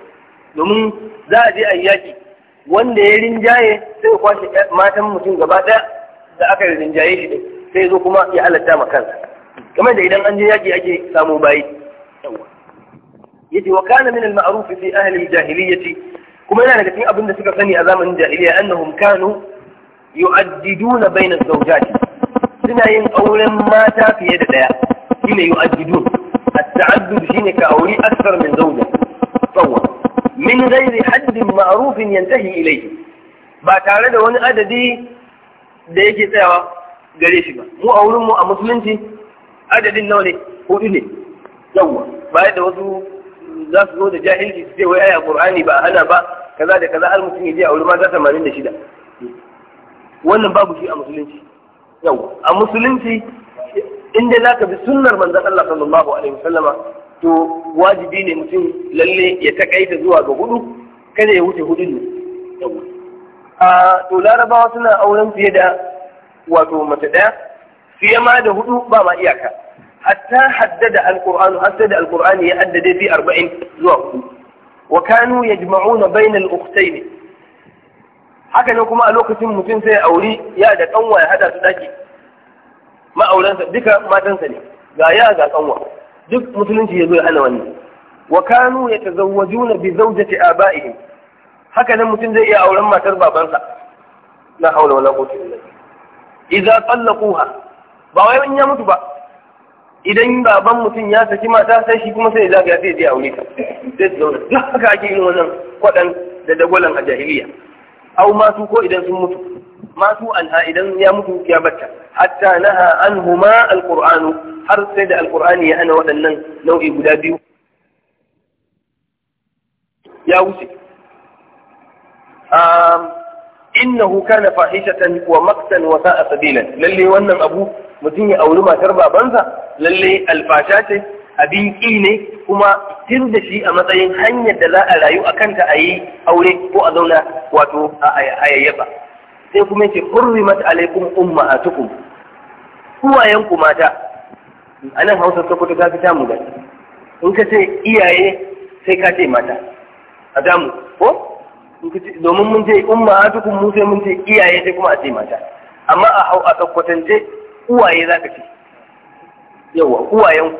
domin za a je a yi yaƙi wanda ya rinjaye sai ya kwashe matan mutum gaba ɗaya da aka rinjaye shi sai zo kuma ya halatta ma kansa kamar da idan an je yaƙi ake samu bayi yace wa kana min al-ma'ruf fi ahli al-jahiliyyah kuma yana daga cikin abin da suka sani a zamanin jahiliya annahum kanu yu'addiduna bayna az zawjati suna yin auren mata fiye da daya shine yu'addidun at-ta'addud shine ka auri akthar min zawja tsawwa min ghairi haddin ma'rufin yantahi ilayhi ba tare da wani adadi da yake tsayawa gare shi ba mu a wurin mu a musulunci adadin nawa ne hudu ne yawwa ba da wasu za su zo da jahilci su ce wai aya qur'ani ba hana ba da kaza a wurin shi a musulunci yawwa musulunci in dai zaka bi sunnar manzon Allah sallallahu alaihi wasallama to wajibi ne mutum lalle ya takaita zuwa ga hudu kada ya wuce hudun ne a to larabawa suna auren fiye da wato mace daya fiye ma da hudu ba ma iyaka hatta haddada alqur'anu da alqur'ani ya addade fi 40 zuwa hudu wa kanu yajma'una bayna al-ukhtayn haka ne kuma a lokacin mutum sai auri ya da kanwa ya hada su daki ma'auransa duka matansa ne ga ya ga kanwa duk musulunci ya zo ya hana wani wa kanu yatazawwajuna bi zawjati aba'ihim haka nan mutum zai iya auren matar babansa la haula wala quwwata illa billah idza tallaquha ba wai in ya mutu ba idan baban mutum ya saki mata sai shi kuma sai ya zagaya sai ya aure ta sai su zauna duk haka ake yin wannan kwadan da dagwalan a jahiliya au matu ko idan sun mutu masu su idan ya mutu ya batta hatta naha huma alqur'anu har sai da alqur'ani ya hana waɗannan nau'i guda biyu ya wuce innahu kana fahishatan wa maqtan wa sa'a sabilan lalle wannan abu mutum ya auri matar babansa lalle alfasha ce abin ne kuma tun da shi a matsayin hanyar da za a rayu a kanta a yi aure ko a zauna wato a sai kuma yake hurrimat alaikum ummahatukum uwayen ku mata anan Hausa Sokoto ta fita mu gani in ka ce iyaye sai ka ce mata a damu ko domin mun ce ummahatukum mu sai mun ce iyaye sai kuma a ce mata amma a hau a kwatance uwaye za ka ce yawa uwayen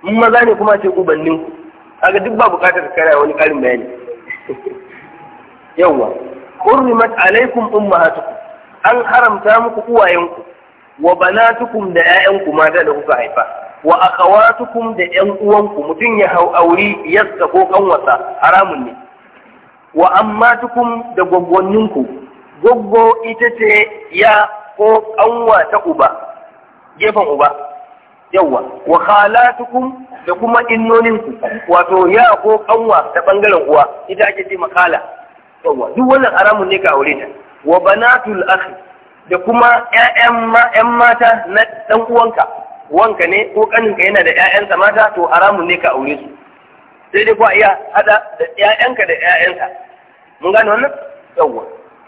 ku in maza ne kuma ce ubannin ku kaga duk ba bukatar kara wani karin bayani yawa hurrimat alaikum ummahatukum an haramta muku uwayenku wa banatukum da 'ya'yanku mata da kuka haifa wa akhawatukum da 'yan uwanku mutum ya hau auri yasta ko kanwasa haramun ne wa ammatukum da gwaggwanninku goggo ita ce ya ko kanwa ta uba gefen uba yawa wa khalatukum da kuma innoninku wato ya ko kanwa ta bangaren uwa ita ake ce makala yawa duk wannan haramun ne ka aure ta wa banatul akhi da kuma ƴaƴan mata na dan uwanka wanka ne ko kaninka yana da ƴaƴansa mata to haramun ne ka aure su sai dai ko iya hada da ƴaƴanka da ƴaƴansa mun gane wannan yawa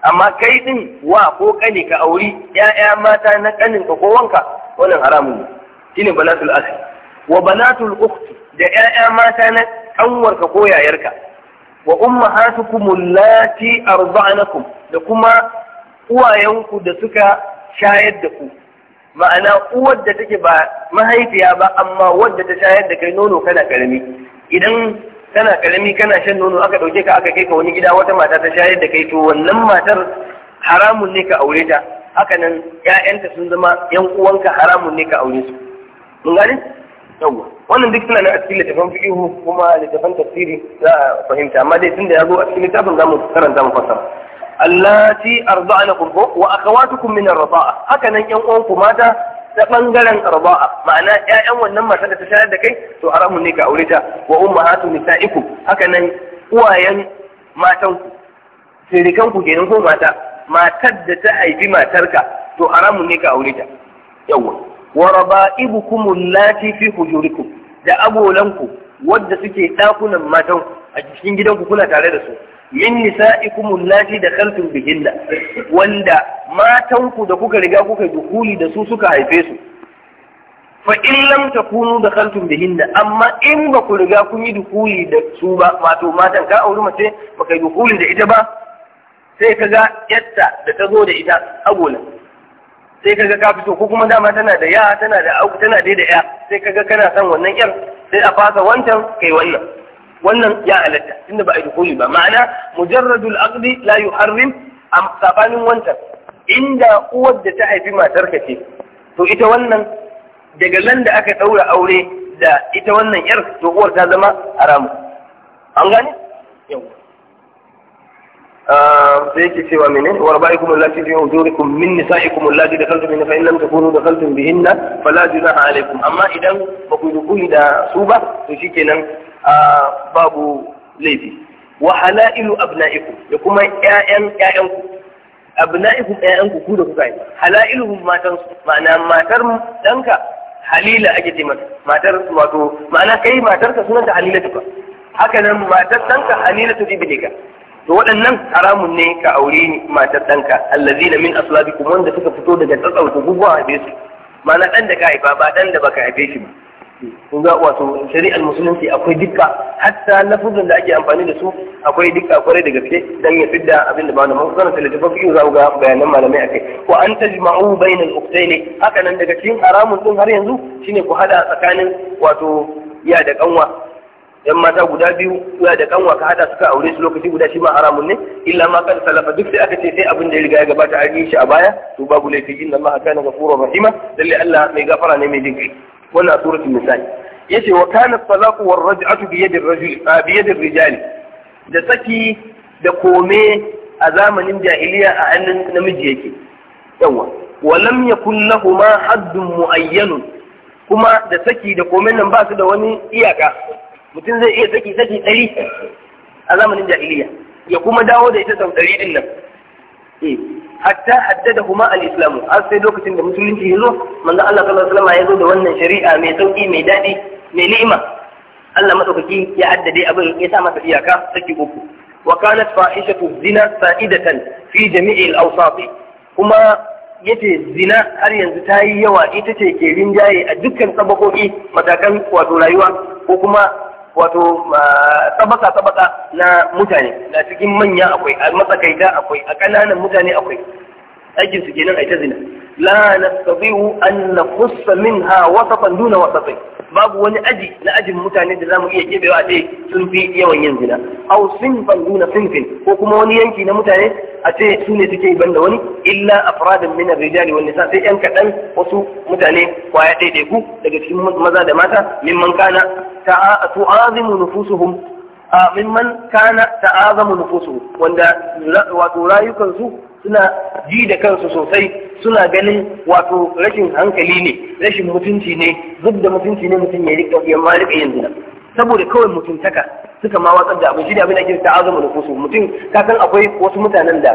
amma kai din wa ko kani ka auri ƴaƴa mata na kaninka ko wanka wannan haramun ne shine banatul akhi wa banatul ukhti da ƴaƴa mata na kanwarka ko yayarka wa umma ummahatukum allati arda'nakum da kuma uwayenku da suka shayar da ku ma'ana uwar da take ba mahaifiya ba amma wadda ta shayar da kai nono kana karami idan kana karami kana shan nono aka dauke ka aka kai ka wani gida wata mata ta shayar da kai to wannan matar haramun ne ka aure ta hakanan ya'yanta sun zama yan uwanka haramun ne ka aure su wannan duk suna nan a cikin littafin fiqhu kuma littafin tafsiri za a fahimta amma dai tun da ya zo a cikin littafin za mu karanta mu fassara allati arda'anakum wa akhawatukum min ar-rida'a haka nan yan uwanku mata ta bangaren arba'a ma'ana ƴaƴan wannan matar da ta shayar da kai to haramun ne ka aure ta wa ummahatu nisa'ikum haka nan uwayen matanku sirikanku kenan ko mata matar da ta haifi matarka to haramun ne ka aure ta yawwa wa raba'ibukum allati fi hujurikum da abolanku wadda suke ɗakunan matan a cikin gidanku kuna tare da su min nisa'ikum da dakhaltum bihinna wanda matanku da kuka riga kuka dukuli da su suka haife su fa in lam takunu dakhaltum bihinna amma in ba ku riga kun yi dukuli da su ba wato matan ka auri mace baka yi dukuli da ita ba sai kaga yatta da ta zo da ita agolan sai kaga ka fito ko kuma dama tana da ya tana da au tana da ya sai kaga kana son wannan yar sai a fasa wancan kai wannan wannan ya halatta tunda ba a dukuli ba ma'ana mujarradul aqdi la yuharrim am sabanin wancan inda uwar da ta haifi matarka ce to ita wannan daga nan da aka daura aure da ita wannan yar to uwar ta zama haramu an gane yawa sai yake cewa mene wa rabaikum allati fi hudurikum min nisaikum allati dakaltum bihinna fa in lam takunu dakaltum bihinna fala junaha alaikum amma idan ba ku dukuli da su ba to shikenan babu laifi wa halailu abnaikum da kuma ƴaƴan ƴaƴanku abnaikum ƴaƴanku ku da kuka yi halailuhum matan ma'ana matar danka halila ake ce mata matar wato ma'ana kai matarka sunanta halila tuka haka nan matar danka halila tu ibnika to waɗannan haramun ne ka aure ni matar ɗanka allazina min aslabikum wanda suka fito daga tsatsauta guguwa a su Mana ɗan da ka haifa ba ɗan da baka haife shi ba kun ga wato shari'ar musulunci akwai dukka hatta lafuzin da ake amfani da su akwai dukka kwarai da gaske dan ya fidda abin da malaman sanar da littafin fiqh za ga bayanan malamai akai ko an tajma'u bainal uqtayni haka nan daga cikin haramun din har yanzu shine ku hada tsakanin wato ya da kanwa yan mata guda biyu suna da kanwa ka hada suka aure su lokaci guda shi ma haramun ne illa ma kan salafa duk sai aka ce sai abin da ya riga ya gabata an yi shi a baya to babu laifi inna allaha kana ghafurur rahima dalle Allah mai gafara ne mai jinkai wannan suratul misali yace wa kana talaqu war raj'atu bi yadi rajul rajul bi yadi rijal da saki da kome a zamanin jahiliya a annan namiji yake yawa wa lam yakun lahumu haddun muayyan kuma da saki da komai nan ba su da wani iyaka mutum zai iya saki saki ɗari a zamanin jahiliya ya kuma dawo da ita sau ɗari ɗin nan eh, hatta haddada kuma al-islamu har sai lokacin da musulunci ya zo manzo Allah sallallahu alaihi ya zo da wannan shari'a mai sauƙi, mai daɗi mai ni'ima Allah madaukaki ya haddade abin ya sa masa iyaka saki uku wa kanat fahishatu zina sa'idatan fi jami'il awsat kuma yace zina har yanzu ta yi yawa ita ce ke rinjaye a dukkan sabakoki matakan wato rayuwa ko kuma wato tabaka tabaka na mutane na cikin manya akwai a matsakaita akwai a ƙananan mutane akwai aikin su kenan ai ta zina la nastabiu an naqussa minha wasatan duna wasatin babu wani aji na ajin mutane da za mu iya kebewa ce sun fi yawan yin zina sun fangu na sinfin ko kuma wani yanki na mutane a ce su ne suke ban da wani illa a faradin mina rijali wani sa sai yan kaɗan wasu mutane kwaya ku daga cikin maza da mata mimman kana ta'azimu nufusuhum mimman kana ta'azamu nufusuhum wanda wato rayukansu suna ji da kansu sosai suna ganin wato rashin hankali ne rashin mutunci ne duk da mutunci ne mutum ya rika ya ma rika yin zina saboda kawai mutuntaka suka ma watsar da abin shi da abin da ake ta'azzama da kusu mutum ka san akwai wasu mutanen da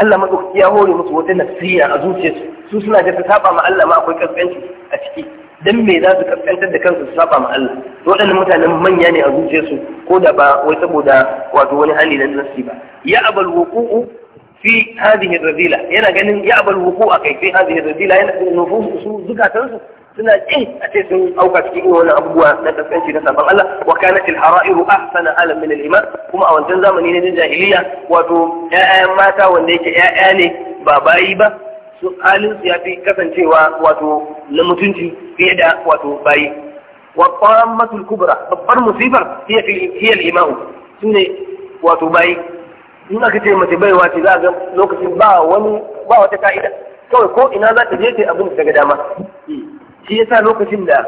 Allah madaukaki ya hore musu wata nafsiya a zuciyarsu su suna da ta saba ma Allah ma akwai kaskanci a ciki dan me za su kaskantar da kansu su saba ma Allah waɗannan mutanen manya ne a zuciyarsu ko da ba wai saboda wato wani hali na nasi ba ya abal wuqu'u fi hadhihi radila yana ganin ya abal wuku a kai fi hadhihi yana ganin nufus su zukatansu suna kin a ce sun auka cikin irin wannan abubuwa na kaskanci na sabon Allah wakana kanat al hara'iru ahsana alam min kuma a wancan zamani na jahiliya wato ƴaƴan mata wanda yake ƴaƴa ne ba bayi ba su halin su yafi kasancewa wato na mutunci fiye da wato bayi wa qammatul kubra babbar musibar hiya fi hiya al imam sune wato bayi in aka ce mace baiwa ce za a ga lokacin ba wani ba wata ka'ida kawai ko ina za ta je ta abin daga dama shi yasa lokacin da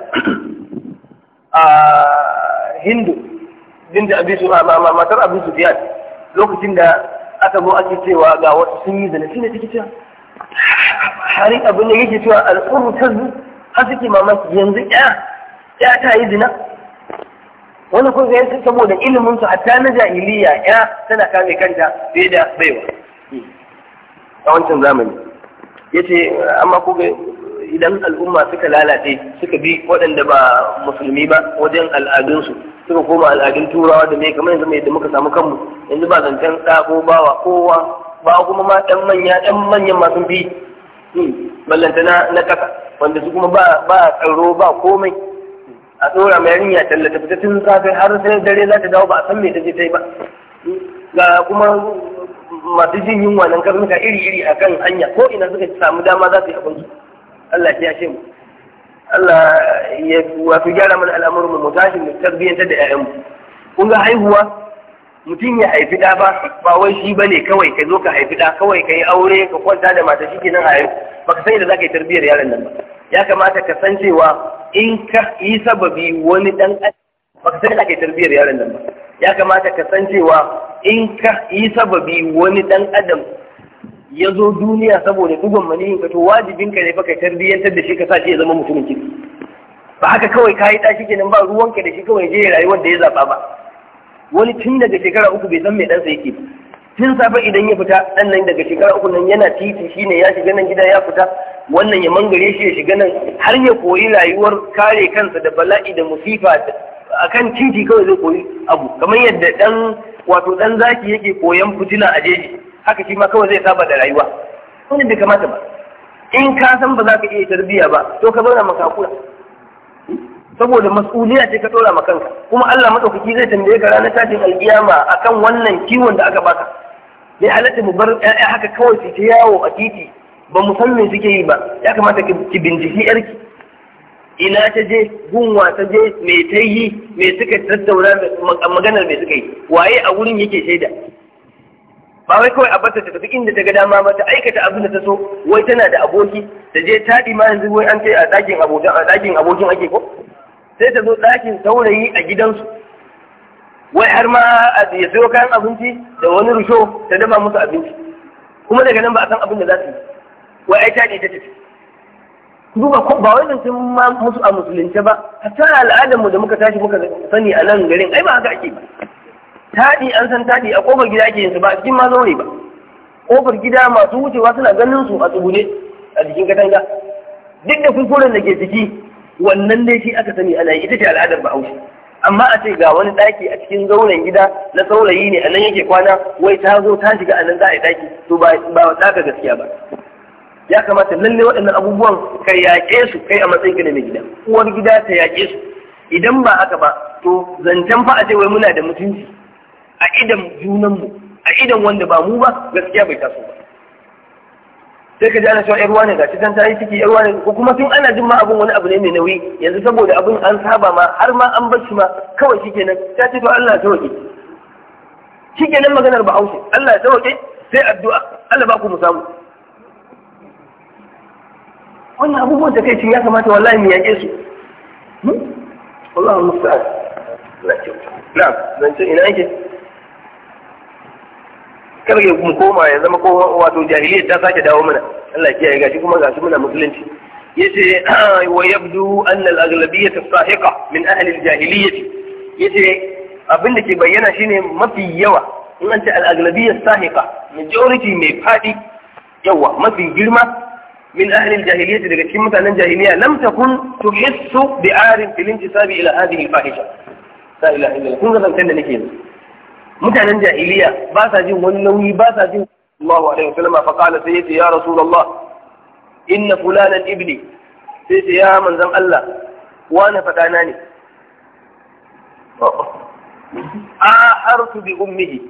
a hindu din da ma matar su fiya lokacin da aka zo ake cewa ga wasu sun yi zane shine take cewa hari abin da yake cewa al'uru ta zu har suke mamaki yanzu ya ya ta yi zina wani kun ga yanzu saboda ilimin su hatta na jahiliya ya tana kame kanta fiye da baiwa a wancan zamani Ya ce amma ku ga idan al'umma suka lalace suka bi waɗanda ba musulmi ba wajen al'adunsu suka koma al'adun turawa da mai kamar yanzu mai da muka samu kanmu yanzu ba zancen ɗago ko bawa kowa ba kuma ma ɗan manya ɗan manyan masu bi hmm, ballanta na ƙasa wanda su kuma ba tsaro ba komai a tsora mai yarinya talla ta fita tun safe har sai dare za ta dawo ba a san me ta je ta yi ba ga kuma masu jin yunwa nan karnuka iri-iri a kan hanya ko ina suka samu dama za su yi abinci Allah ya ce mu Allah ya wato gyara mana al'amuran mu tashi mu tarbiyyantar da 'ya'yanmu kun ga haihuwa mutum ya haifi ɗa ba ba wai shi ba ne kawai ka zo ka haifi ɗa kawai ka yi aure ka kwanta da mata shi kenan a yau baka san yadda za ka yi tarbiyyar yaron nan ba ya kamata ka san cewa in ka yi sababi wani dan san tarbiyyar yaron nan ba ya kamata ka san cewa in ka yi sababi wani dan adam ya zo duniya saboda dugon maniyin ka to wajibin ka ne fa ka tarbiyyantar da shi ka sa shi ya zama mutumin kirki ba haka kawai ka yi tashi kenan ba ruwanka da shi kawai je rayuwar da ya zaba ba wani tun daga shekara uku bai san me ɗansa yake ba tun safe idan ya fita ɗan nan daga shekara uku nan yana titi shine ya shiga nan gida ya fita wannan ya mangare shi ya shiga nan har ya koyi rayuwar kare kansa da bala'i da musifa a kan titi kawai zai koyi abu kamar yadda dan wato dan zaki yake koyan fitina a jeji haka shi ma kawai zai saba da rayuwa wannan bai kamata ba in ka san ba za ka iya tarbiyya ba to ka zauna makakura saboda mas'uliyya ce ka tsora ma kanka kuma Allah madaukaki zai tambaye ka ranar tashin alkiyama akan wannan kiwon da aka baka bai halatta mu bar ƴaƴa haka kawai su yawo a titi ba mu san me suke yi ba ya kamata ki binciki yarki ina ta je gunwa ta je me ta yi me suka tattauna maganar mai suka yi waye a wurin yake shaida ba wai kawai a bata ta tafi inda ta ga dama ba aikata abin da ta so wai tana da aboki ta je taɗi ma yanzu wai an kai a ɗakin abokin a ɗakin abokin ake ko sai ta zo ɗakin saurayi a gidansu wai har ma ya sayo kayan abinci da wani rusho ta dafa musu abinci kuma daga nan ba a san abin da za su yi wa ai ta ta tafi duba ba wai sun ma musu a musulunce ba hatta al'adar mu da muka tashi muka sani a nan garin ai ba haka ake ba taɗi an san taɗi a kofar gida ake yin su ba a cikin ma zaure ba kofar gida masu wucewa suna ganin su a tsugune a jikin katanga duk da kuskuren da ke ciki wannan dai shi aka sani ana yi ita ce al'adar bahaushe amma a ce ga wani daki a cikin zauren gida na saurayi ne a nan yake kwana wai ta zo ta shiga a nan za a yi ɗaki to ba ɗaka gaskiya ba ya kamata lalle waɗannan abubuwan ka yaƙe su kai a matsayin na mai gida uwar gida ta yaƙe su idan ba haka ba to zancen fa a ce wai muna da mutunci a idan junanmu a idan wanda ba mu ba gaskiya bai taso ba sai ka ji ana cewa yarwa ne ga, can ta yi ciki yarwa ne ko kuma tun ana jin ma abin wani abu ne mai nauyi yanzu saboda abin an saba ma har ma an bar shi ma kawai shikenan ta ce to Allah ta roƙe shikenan maganar ba Allah ta roƙe sai addu'a Allah ba ku mu samu wannan abubuwan da kai cin ya kamata wallahi mu yaƙe su hmm? wallahi musta'an na zance ina yake karge mu koma ya zama ko wato jahiliyyar ta sake dawo mana Allah ya kiyaye gashi kuma gashi muna musulunci yace wa yabdu anna al-aghlabiyyah as-sahiqa min ahli al-jahiliyyah yace abin da ke bayyana shine mafi yawa in an ce al-aghlabiyyah as-sahiqa majority mai fadi yawa mafi girma min ahlil jahiliyyah daga cikin mutanen jahiliya lam takun tuhissu bi arin fil intisabi ila hadhihi fahisha la ilaha illa kun zantan da nake yanzu mutanen jahiliya ba sa jin wani nauyi ba jin Allahu alaihi wasallam fa qala sai yace ya rasulullah inna fulanan ibni sai ce ya manzon Allah wani fadana ne a hartu bi ummihi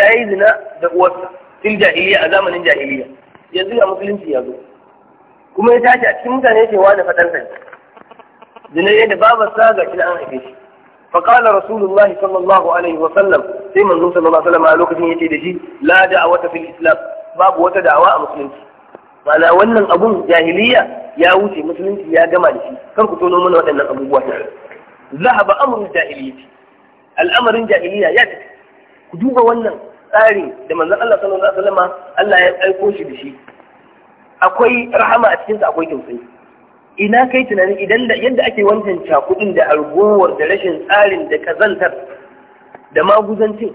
yayi zina da uwarsa fil jahiliya a zamanin jahiliya yanzu ga musulunci ya zo kuma ya tashi a cikin mutane ke wani fadar sa dinar yadda babu sa ga shi an haife shi fa رسول rasulullahi Sallallahu alaihi wa sallam, sai manzo sallallahu alaihi sallam a lokacin yace da shi la da'awata fil islam babu wata da'awa a musulunci mana wannan abun jahiliya ya wuce musulunci ya gama da shi kan ku tono mana waɗannan abubuwa zahaba amrul jahiliyyah al'amarin jahiliya ya tafi ku duba wannan tsarin da manzon Allah sallallahu alaihi wasallam Allah ya aiko shi da shi akwai rahama a cikinsa akwai kyautai ina kai tunanin idan da yadda ake wancan cakudin da arguwar da rashin tsarin da kazantar da maguzancin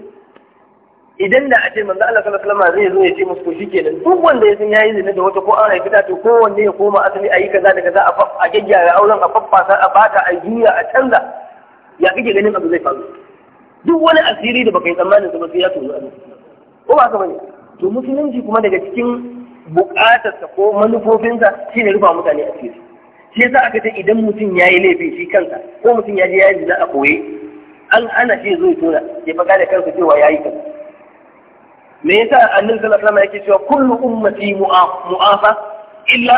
idan da a ce manzo Allah sallallahu alaihi wasallam zai zo ya ce musu ke shikenan duk wanda ya san yayi zina da wata ko an haifi ta to kowanne ya koma asali ayi kaza da kaza a gaggyara auren a faffasa a bata a juya a canza ya kike ganin abu zai faru duk wani asiri da baka yi tsammanin sa ba sai ya tozo a ko ba haka bane to musulunci kuma daga cikin bukatarsa ko manufofinsa shine rufa mutane asiri shi yasa aka ce idan mutum ya yi laifin shi kansa ko mutum ya je ya yi zina a koye an hana shi zo ya tona ya faɗa da kansa cewa ya yi kansa me yasa annabi sallallahu alaihi ya yake cewa kullu ummati mu'afa illa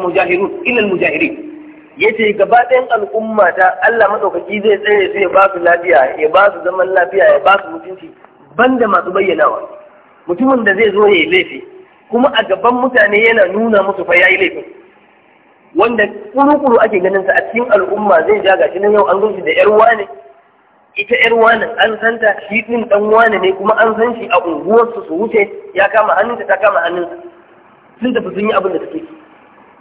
mujahirun illa al-mujahirin Ya gaba ɗayan al'umma ta Allah maɗaukaki zai tsare su ya ba su lafiya ya ba su zaman lafiya ya ba su mutunci banda masu bayyanawa mutumin da zai zo ya yi laifi kuma a gaban mutane yana nuna musu fa ya yi laifin wanda kuru-kuru ake ganin sa a cikin al'umma zai ja gashi nan yau an zo shi da yar wane ita yar wane an san ta shi din dan wane ne kuma an san shi a unguwarsu su wuce ya kama hannunta ta kama hannunsa sun tafi sun yi abin da suke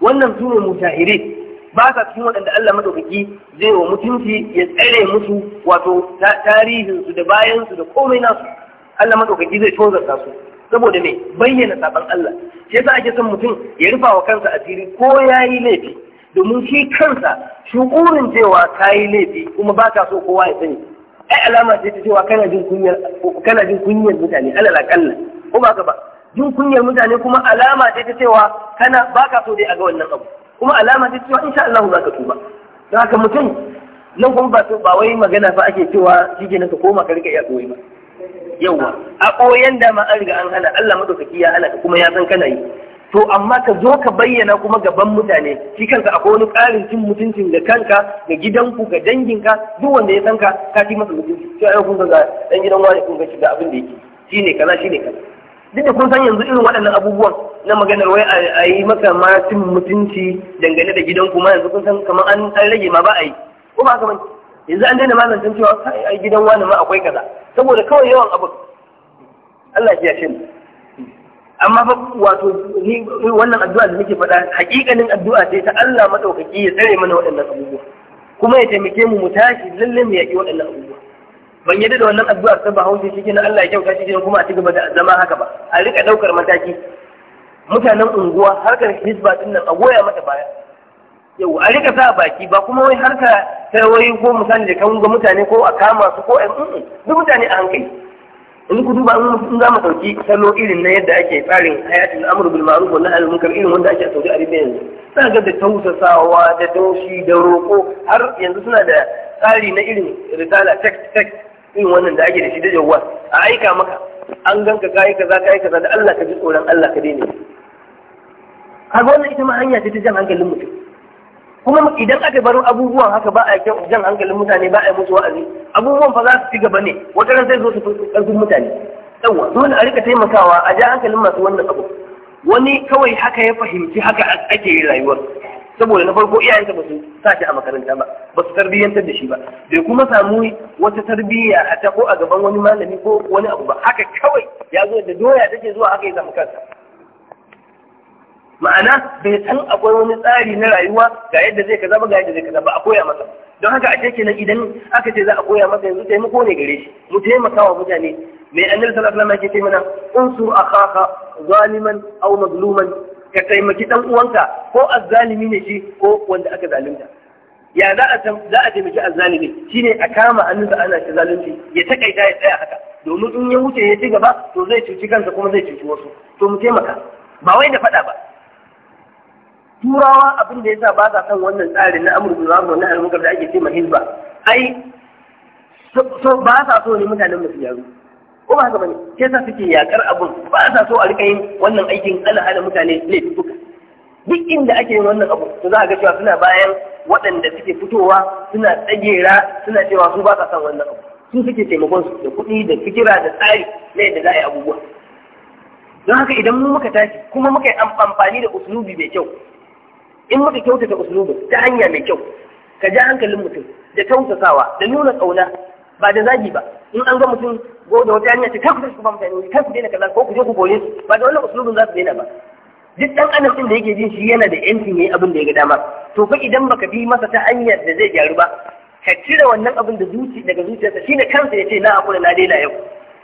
wannan su ne ba sa cikin waɗanda Allah madaukaki zai wa mutunci ya tsare musu wato tarihin da bayansu da komai nasu Allah madaukaki zai tozarta su saboda me bayyana saban Allah shi yasa ake son mutum ya rufa wa kansa asiri ko yayi laifi domin shi kansa shukurin cewa kayi laifi kuma ba ka so kowa ya sani ai alama ce ta cewa kana jin kunyar kana jin kunyar mutane alal akalla ko ba ka ba jin kunyar mutane kuma alama ce ta cewa kana ba ka so dai a ga wannan abu kuma alama ta cewa insha Allah za ka tuba don haka mutum nan kuma ba ba wai magana fa ake cewa shi ka koma ka rika iya koyi ba yawa a koyan da ma an riga an hana Allah madaukaki ya hana kuma ya san kana yi to amma ka zo ka bayyana kuma gaban mutane shi kanka akwai wani ƙarin cin mutuncin ga kanka ga gidanku ga danginka duk wanda ya san ka ka ci masa mutunci sai ai kun ga dan gidan wani kun ga shi da abin da yake shine kaza shine kaza duk da kun san yanzu irin waɗannan abubuwan na maganar wai a yi maka ma cin mutunci dangane da gidan ma yanzu kun san kamar an rage ma ba a yi ko ba kamar yanzu an daina mazantan cewa kai a gidan wani ma akwai kaza saboda kawai yawan abu Allah ya ce amma fa wato wannan addu'a da nake faɗa hakikanin addu'a ce ta Allah madaukaki ya tsare mana waɗannan abubuwa kuma ya taimake mu mu tashi lalle mu yaƙi waɗannan abubuwa ban yadda da wannan addu'ar ta bahaushe shi na Allah ya kyauta shi kuma a cigaba da zama haka ba a rika daukar mataki mutanen unguwa harkar hisba din nan a goya mata baya yau a rika sa baki ba kuma wai harka ta wai ko misali da kan ga mutane ko a kama su ko ɗan ɗin duk mutane a hankali in ku duba in za mu ɗauki salo irin na yadda ake tsarin hayatin amur bil ma'ruf wal nahy munkar irin wanda ake a Saudi Arabia yanzu za ga da tausasawa da taushi da roƙo har yanzu suna da tsari na irin risala text text yin wannan da ake da shi da yawa a aika maka an ganka kai kaza kai kaza da Allah ka ji tsoron Allah ka daina kaga wannan ita ma hanya ce ta jan hankalin mutum kuma idan aka bar abubuwan haka ba a jan hankalin mutane ba a yi musu wa'azi abubuwan fa za su ci gaba ne wata ran sai zo su fi karfin mutane yawa dole a rika taimakawa a ja hankalin masu wannan abu wani kawai haka ya fahimci haka ake rayuwar saboda na farko iyayensa ba su sa shi a makaranta ba ba su tarbiyyantar da shi ba bai kuma samu wata tarbiyya a ta ko a gaban wani malami ko wani abu ba haka kawai ya zo da doya take zuwa haka ya samu kansa ma'ana bai san akwai wani tsari na rayuwa ga yadda zai kaza ba ga yadda zai kaza ba a koya masa don haka a nan idan aka ce za a koya masa yanzu taimako ne gare shi mu taimaka wa mutane mai annabi sallallahu alaihi wasallam yake ce mana unsur akhaka zaliman aw mazluman ka taimaki ɗan uwanka ko azzalimi ne shi ko wanda aka zalunta ya za a za a taimaki azzalimi shine a kama da ana shi zalunci ya takaita ya tsaya haka domin in ya wuce ya ci gaba to zai cuci kansa kuma zai cuci wasu to mu taimaka ba wai da faɗa ba turawa abin da yasa ba sa son wannan tsarin na amurka za mu wannan da ake ce hizba ai so ba sa so ne mutanen musu yaro ko ba haka bane sai sa suke yakar abun ba sa so a rika yin wannan aikin alhala mutane ne duka duk inda ake yin wannan abu to za a ga cewa suna bayan waɗanda suke fitowa suna tsagera suna cewa su ba sa son wannan abu su suke taimakon su da kuɗi da fikira da tsari na yadda za a yi abubuwa don haka idan mu muka tashi kuma muka yi amfani da usulubi mai kyau in muka kyautata usulubi ta hanya mai kyau ka ja hankalin mutum da tausasawa da nuna ƙauna ba da zagi ba in an ga mutum go da wata hanya ce kai ku tashi ku ba mutane ne kai ku daina kaza ko ku je ku gore su ba da wannan usulun za su daina ba duk dan adam din da yake jin shi yana da yancin yayi abin da ya ga dama to fa idan baka bi masa ta hanyar da zai gyaru ba ka cire wannan abin da zuci daga zuciyarsa shi kansa ya ce na hakura na daina yau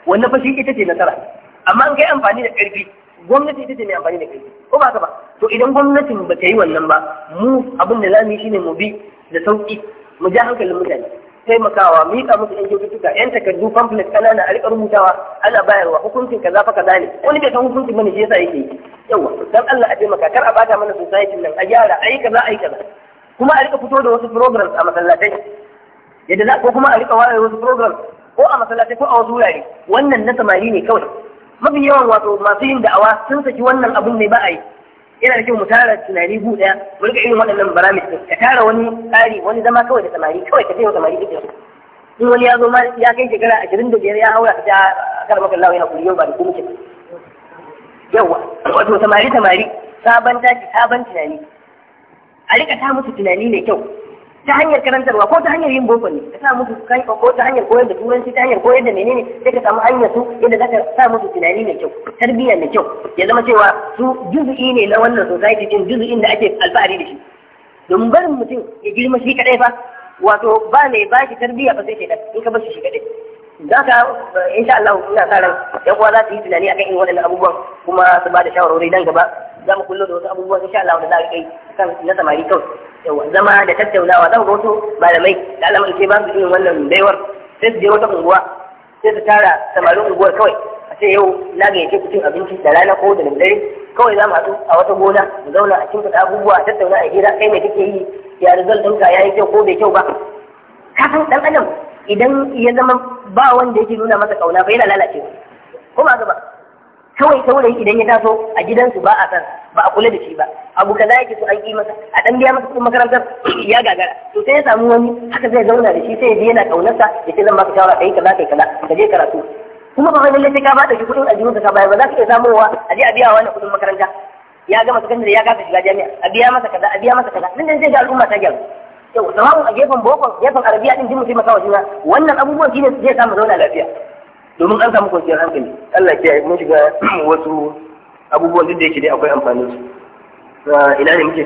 wannan fa shi ita ce nasara amma an kai amfani da karfi gwamnati ita ce mai amfani da karfi ko ba ka ba to idan gwamnatin ba ta yi wannan ba mu abin da za mu yi shine mu bi da sauki mu ja hankalin mutane taimakawa miƙa musu yan kyaututtuka yan takardu pamphlet kanana a riƙa rubutawa ana bayarwa hukuncin kaza fa kaza ne wani bai san hukuncin bane shi yasa yake yawa dan Allah a taimaka kar a bata mana society nan a gyara ayi kaza yi kaza kuma a riƙa fito da wasu programs a masallatai yadda za ko kuma a riƙa wayar wasu programs ko a masallatai ko a wasu wurare wannan na samari ne kawai mafi yawan wato masu yin da'awa sun saki wannan abun ne ba a yi yana da kyau mu tara tunani bu daya mu rika irin waɗannan din ka tara wani tsari wani zama kawai da samari kawai ka taimaka samari duk in wani ya zo ma ya kai shekara ashirin da biyar ya haura ta ah, kar maka lawa yana kuri yau ba da kuma kike yawa wato samari samari sabon tashi sabon tunani a rika ta musu tunani mai kyau ta hanyar karantarwa ko ta hanyar yin boko ne ka sa musu kai ko ta hanyar koyar da turanci ta hanyar koyar da menene sai ka samu hanyar su inda zaka sa musu tunani mai kyau tarbiyya mai kyau ya zama cewa su juzu'i ne na wannan society din juzu'in da ake alfahari da shi don barin mutum ya girma shi kadai fa wato ba mai ba shi tarbiyya ba sai shedan in ka bashi shi kadai za ka sha Allah ina sa ran yan uwa za su yi tunani akan irin waɗannan abubuwan kuma su ba da shawarwari nan gaba za mu kullo da wasu abubuwan sha Allah da za a kai kan na samari kawai zama da tattaunawa za ku ga wasu malamai da alamar ke ba su irin wannan baiwar sai su je wata unguwa sai su tara samarin unguwar kawai a ce yau na gayyace yake cin abinci da rana ko da dare kawai za mu haɗu a wata gona mu zauna a cikin fita abubuwa a tattauna a gida kai mai kake yi ya rizal ɗinka ya yi kyau ko bai kyau ba kafin ɗan adam idan ya zama ba wanda yake nuna masa ƙauna ba yana lalacewa ko ba gaba kawai wurin idan ya taso a gidansu ba a san ba a kula da shi ba abu kaza yake so an yi masa a dan biya masa kuɗin makarantar ya gagara to sai ya samu wani haka zai zauna da shi sai ya je yana kaunarsa ya ce zan baka shawara kai kaza kai kaza ka je karatu kuma ba wani lalle ka ba da shi kuɗin aljihun ka ba ba za ka iya samowa a je a biya wannan kuɗin makaranta ya gama sakandare ya gafe shiga jami'a a biya masa kaza a biya masa kaza nan zai ga al'umma ta gyaru yau sawa'un a gefen bokon gefen arabiya din jin mu taimaka wannan abubuwan shine zai samu zauna lafiya domin an samu kwanciyar hankali Allah ke mun shiga wasu abubuwan duk da yake dai akwai amfani su ina ne muke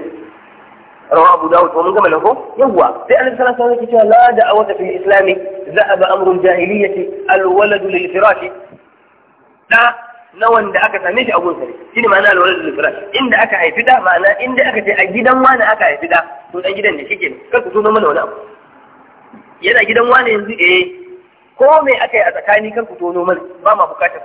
rawa abu dawud mun gama nan ko sai Allah sallallahu alaihi wasallam yake cewa la da'awata fil islam za'aba amrul jahiliyyati al waladu lil da na wanda aka same shi a gun ne shine ma'ana al waladu lil inda aka haifi da ma'ana inda aka ce a gidan wani aka haifi da to dan gidan ne shike kar ku tuno mana wani abu yana gidan wani yanzu eh ko me aka yi a tsakani kan ku tono mana ba ma bukatar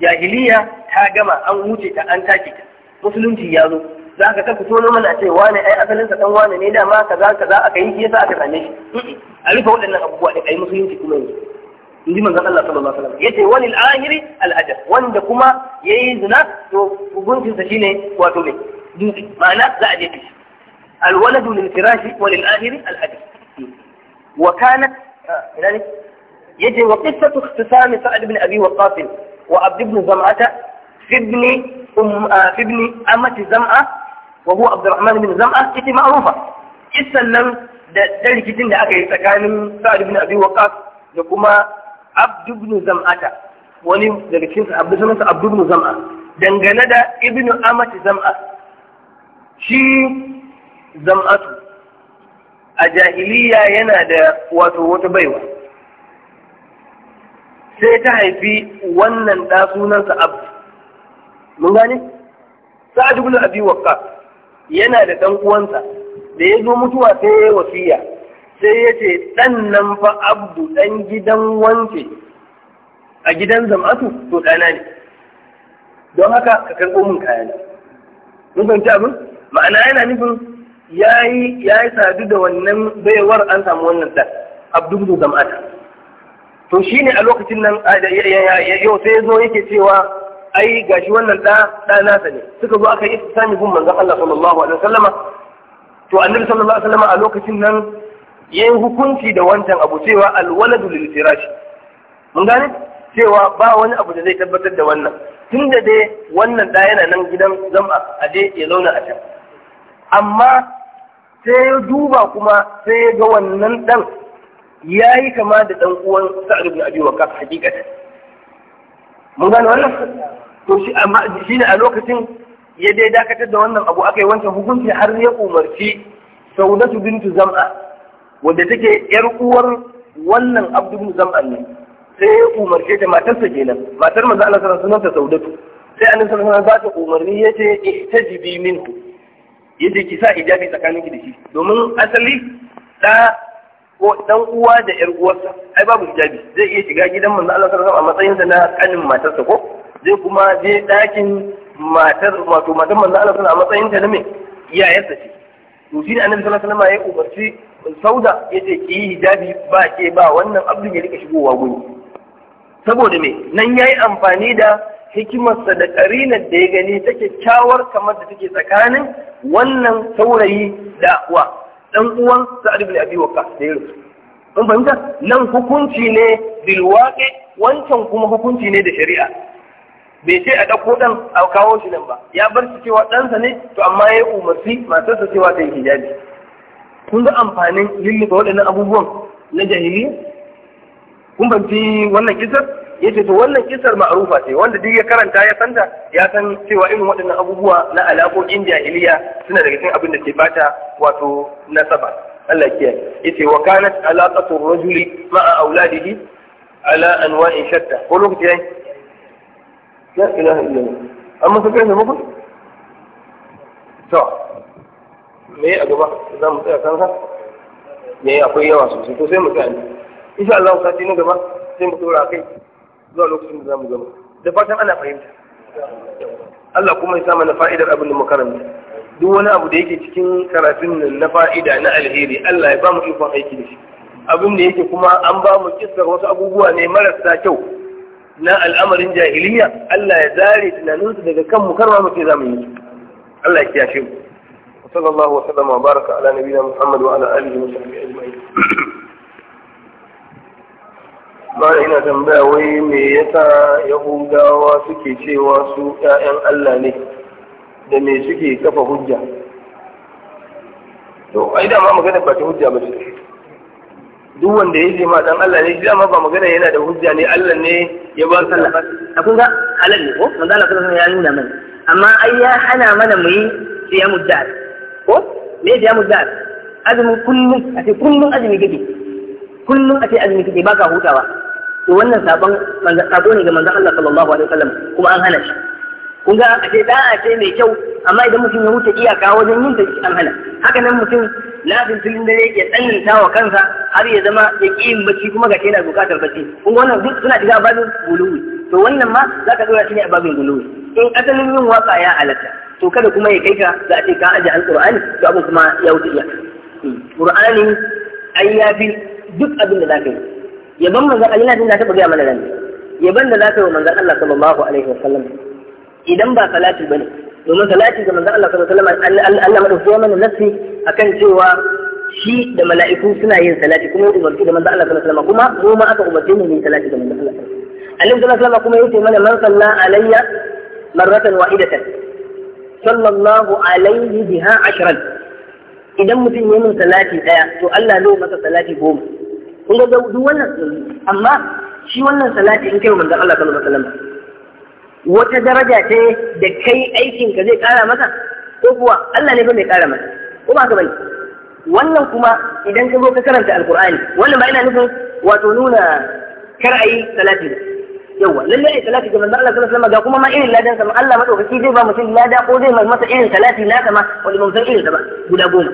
jahiliya ta gama an wuce ta an take ta musulunci ya zo za ka ku tono mana a ce wane ai asalin sa dan wane ne da ma kaza kaza aka yi yasa aka same shi a rufe waɗannan abubuwa da ai musulunci kuma yanzu in ji manzon Allah sallallahu alaihi wasallam yace walil ahiri al ajr wanda kuma yayi zina to hukuncin sa shine wato ne dutse ma'ana za a je ta al waladu lil firashi walil ahiri al ajr wa kanat ah, ina ne yace wa qissatu ikhtisami sa'd ibn abi waqqas wa abd ibn zam'ata fi um fi amati zam'a wa huwa abd alrahman ibn zam'a ita ma'rufa kissan nan da da da aka yi tsakanin sa'd ibn abi waqqas da kuma abd ibn zam'ata wani daga cikin sahabbai abd ibn zam'a dangane da ibn amati zam'a shi zam'atu a jahiliya yana da wato wata baiwa sai ta haifi wannan ɗa sunansa abdu mun gane sa'ad ibn abi waqqas yana da ɗan uwansa da ya zo mutuwa sai ya wasiya sai ya ce ɗan nan fa abdu ɗan gidan wance a gidan zam'atu to ɗana ne don haka ka karɓo min kayana mun fahimci abin ma'ana yana nufin ya yi sadu da wannan baiwar an samu wannan ɗan abdu zam'ata to shi ne a lokacin nan yau sai ya zo yake cewa ai gashi wannan ɗa ɗa nasa ne suka zo aka yi sami gun manzon Allah sallallahu alaihi wasallama to annabi sallallahu alaihi wasallama a lokacin nan yayi hukunci da wancan abu cewa alwaladu lil firash mun gane cewa ba wani abu da zai tabbatar da wannan tunda dai wannan ɗa yana nan gidan zama a je ya zauna a can amma sai ya duba kuma sai ya ga wannan ɗan ya yi kama da ɗan uwan sa'ad ibn abi waqas hakikatan mun gane wannan to shi amma shine a lokacin ya dai dakatar da wannan abu aka yi wancan hukunci har ya umarci saudatu bintu zam'a Wanda take yar uwar wannan abdu bin zam'a ne sai ya umarce ta matarsa kenan matar manzo Allah sallallahu alaihi wasallam saudatu sai annabi sallallahu alaihi wasallam ba ta umarni yace ihtajibi minhu yace ki sa hijabi tsakaninki da shi domin asali da ko dan uwa da yar uwarsa ai babu hijabi zai iya shiga gidan manzo Allah sallallahu alaihi wasallam a matsayin sa na kanin matarsa ko zai kuma je dakin matar wato matar manzo Allah sallallahu alaihi wasallam a matsayin ta na me iyayarsa ce to shi ne annabi sallallahu alaihi wasallam ya umarci sauda yace ki yi hijabi ba ke ba wannan abdin ya rika shigowa guri saboda me nan yayi amfani da hikimarsa da karinar da ya gani ta kyakkyawar kamar da take tsakanin wannan saurayi da wa dan uwan Sa'ad ibn Abi Waqqas da ya kun fahimta nan hukunci ne bil wancan kuma hukunci ne da shari'a bai ce a ɗauko ɗan a kawo shi nan ba ya bar shi cewa ɗansa ne to amma ya umarci Masu cewa ta yi hijabi kun ga amfanin lullufa waɗannan abubuwan na jahiliya kun fahimci wannan kisar yace to wannan kisar ma'rufa ce wanda duk ya karanta ya santa ya san cewa irin waɗannan abubuwa na alaƙoƙin jahiliya suna daga cikin abin da ke bata wato nasaba Allah ya yace wa kanat alaqatu rajuli ma'a auladihi ala anwa'in shatta ko lokaci yayi la ilaha illallah amma sai kai muku to me a gaba za mu tsaya kanka? me akwai yawa sosai to sai mu tsaya insha Allah sai na gaba sai mu tura kai zuwa lokacin da zamu gama da fatan ana fahimta Allah kuma ya sa mana fa'idar abin da mu karanta duk wani abu da yake cikin karatun nan na fa'ida na alheri Allah ya ba mu ikon aiki da shi abin da yake kuma an ba mu kissar wasu abubuwa ne marasa kyau na al'amarin jahiliya Allah ya zare tunaninsu daga kan mu karma muke zamu yi Allah ya kiyashe mu sallallahu wa sallama wa baraka ala nabiyina Muhammad wa ala alihi wa sahbihi ajma'in Ba ina tambaya wai me yasa yahudawa suke cewa su ƴaƴan Allah ne da me suke kafa hujja to ai da ma magana ba ta hujja ba ce duk wanda ya ce ma dan Allah ne dama ba magana yana da hujja ne Allah ne ya ba su a kun ga halal ne ko manzo Allah kuma ya nuna mana amma ai ya hana mana mu yi siyamu dar ko me siyamu dar azumin kullum a ce kullum azumi gidi kullum a ce azumi ba baka hutawa to wannan sabon sabo ne ga manzon Allah sallallahu alaihi wasallam kuma an hana shi kun ga aka ce a ce mai kyau amma idan mutum ya wuce iyaka wajen yin ta an hana haka nan mutum lafin filin dare ya tsananta wa kansa har ya zama ya ki yin bacci kuma ga yana buƙatar bacci kun ga wannan suna shiga babin guluwi to wannan ma za ka dora shi ne a babin guluwi in asalin yin waka ya halatta to kada kuma ya kai ka za a ce ka aje alqur'ani to abin kuma ya wuce iyaka hmm. qur'ani ai duk abin da za ka yi yaban manzon Allah yana jin ta gaya mana nan yaban da zaka wa manzon Allah sallallahu alaihi wasallam idan ba salati bane domin salati ga manzon Allah sallallahu alaihi wasallam Allah madauki mana nafsi akan cewa shi da mala'iku suna yin salati kuma umarci da manzon Allah sallallahu alaihi wasallam kuma mu ma aka umarce mu yin salati ga manzon Allah sallallahu alaihi wasallam kuma yace mana man salla alayya marratan wahidatan sallallahu alaihi biha ashran idan mutum ya yi min salati daya to Allah zai masa salati goma kun ga duk wannan amma shi wannan salati in kai manzo Allah sallallahu alaihi wasallam wata daraja ce da kai aikin ka zai kara masa ko kuwa Allah ne ba mai kara masa ko ba ka bane wannan kuma idan ka zo ka karanta alqur'ani wannan ba ina nufin wato nuna kar'ayi salati ne yawa lalle ai salati ga manzo Allah sallallahu alaihi wasallam ga kuma ma irin ladan sama Allah madaukaki zai ba mutum lada ko zai masa irin salati na sama wani san irin sa ba guda goma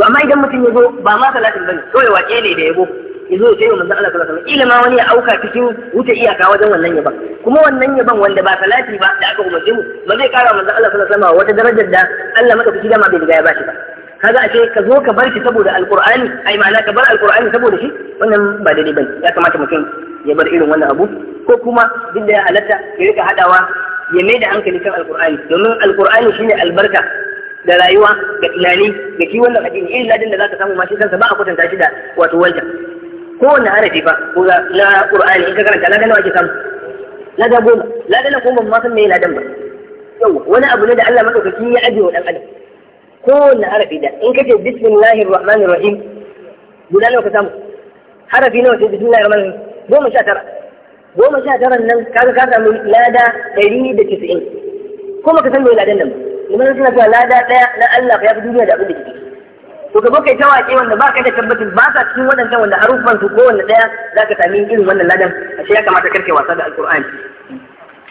to amma idan mutum ya zo ba ma salatin bane kawai waƙe ne da yabo ya zo ya manzo Allah sallallahu alaihi wasallam wani ya auka cikin wuce iyaka wajen wannan yaban kuma wannan yaban wanda ba salati ba da aka umarce mu ba zai kara manzo Allah sallallahu alaihi wasallam wata darajar da Allah maka kuci dama bai riga ya bashi ba kaga ashe ka zo ka bar shi saboda alqur'ani ai ma'ana ka bar alqur'ani saboda shi wannan ba daidai bane ya kamata mutum ya bar irin wannan abu ko kuma duk da ya halatta ya rika hadawa ya mai da hankali kan alqur'ani domin alqur'ani shine albarka da rayuwa ga tunani da shi wannan addini irin ladin da zaka samu ma shi kansa ba a kwatanta shi da wato Ko wani harafi ba ko na qur'ani in ka karanta ladan nawa ake samu ladan goma ladan na goma ma san me ladan ba yau wani abu ne da Allah madaukaki ya ajiye wa dan adam kowane harafi da in ka kace bismillahir rahmanir rahim guda nawa ka samu harafi nawa sai bismillahir rahmanir rahim goma sha tara goma sha tara nan kaga ka samu lada ɗari da tisa'in kuma ka san me ladan nan ba liman suna cewa lada ɗaya na Allah ya fi duniya da abin da ke ciki to ka kai tawaki wanda ba ka da tabbacin ba sa cikin waɗannan wanda harufan su ko wanda ɗaya za ka sami irin wannan ladan a ya kamata karke wasa da alqur'ani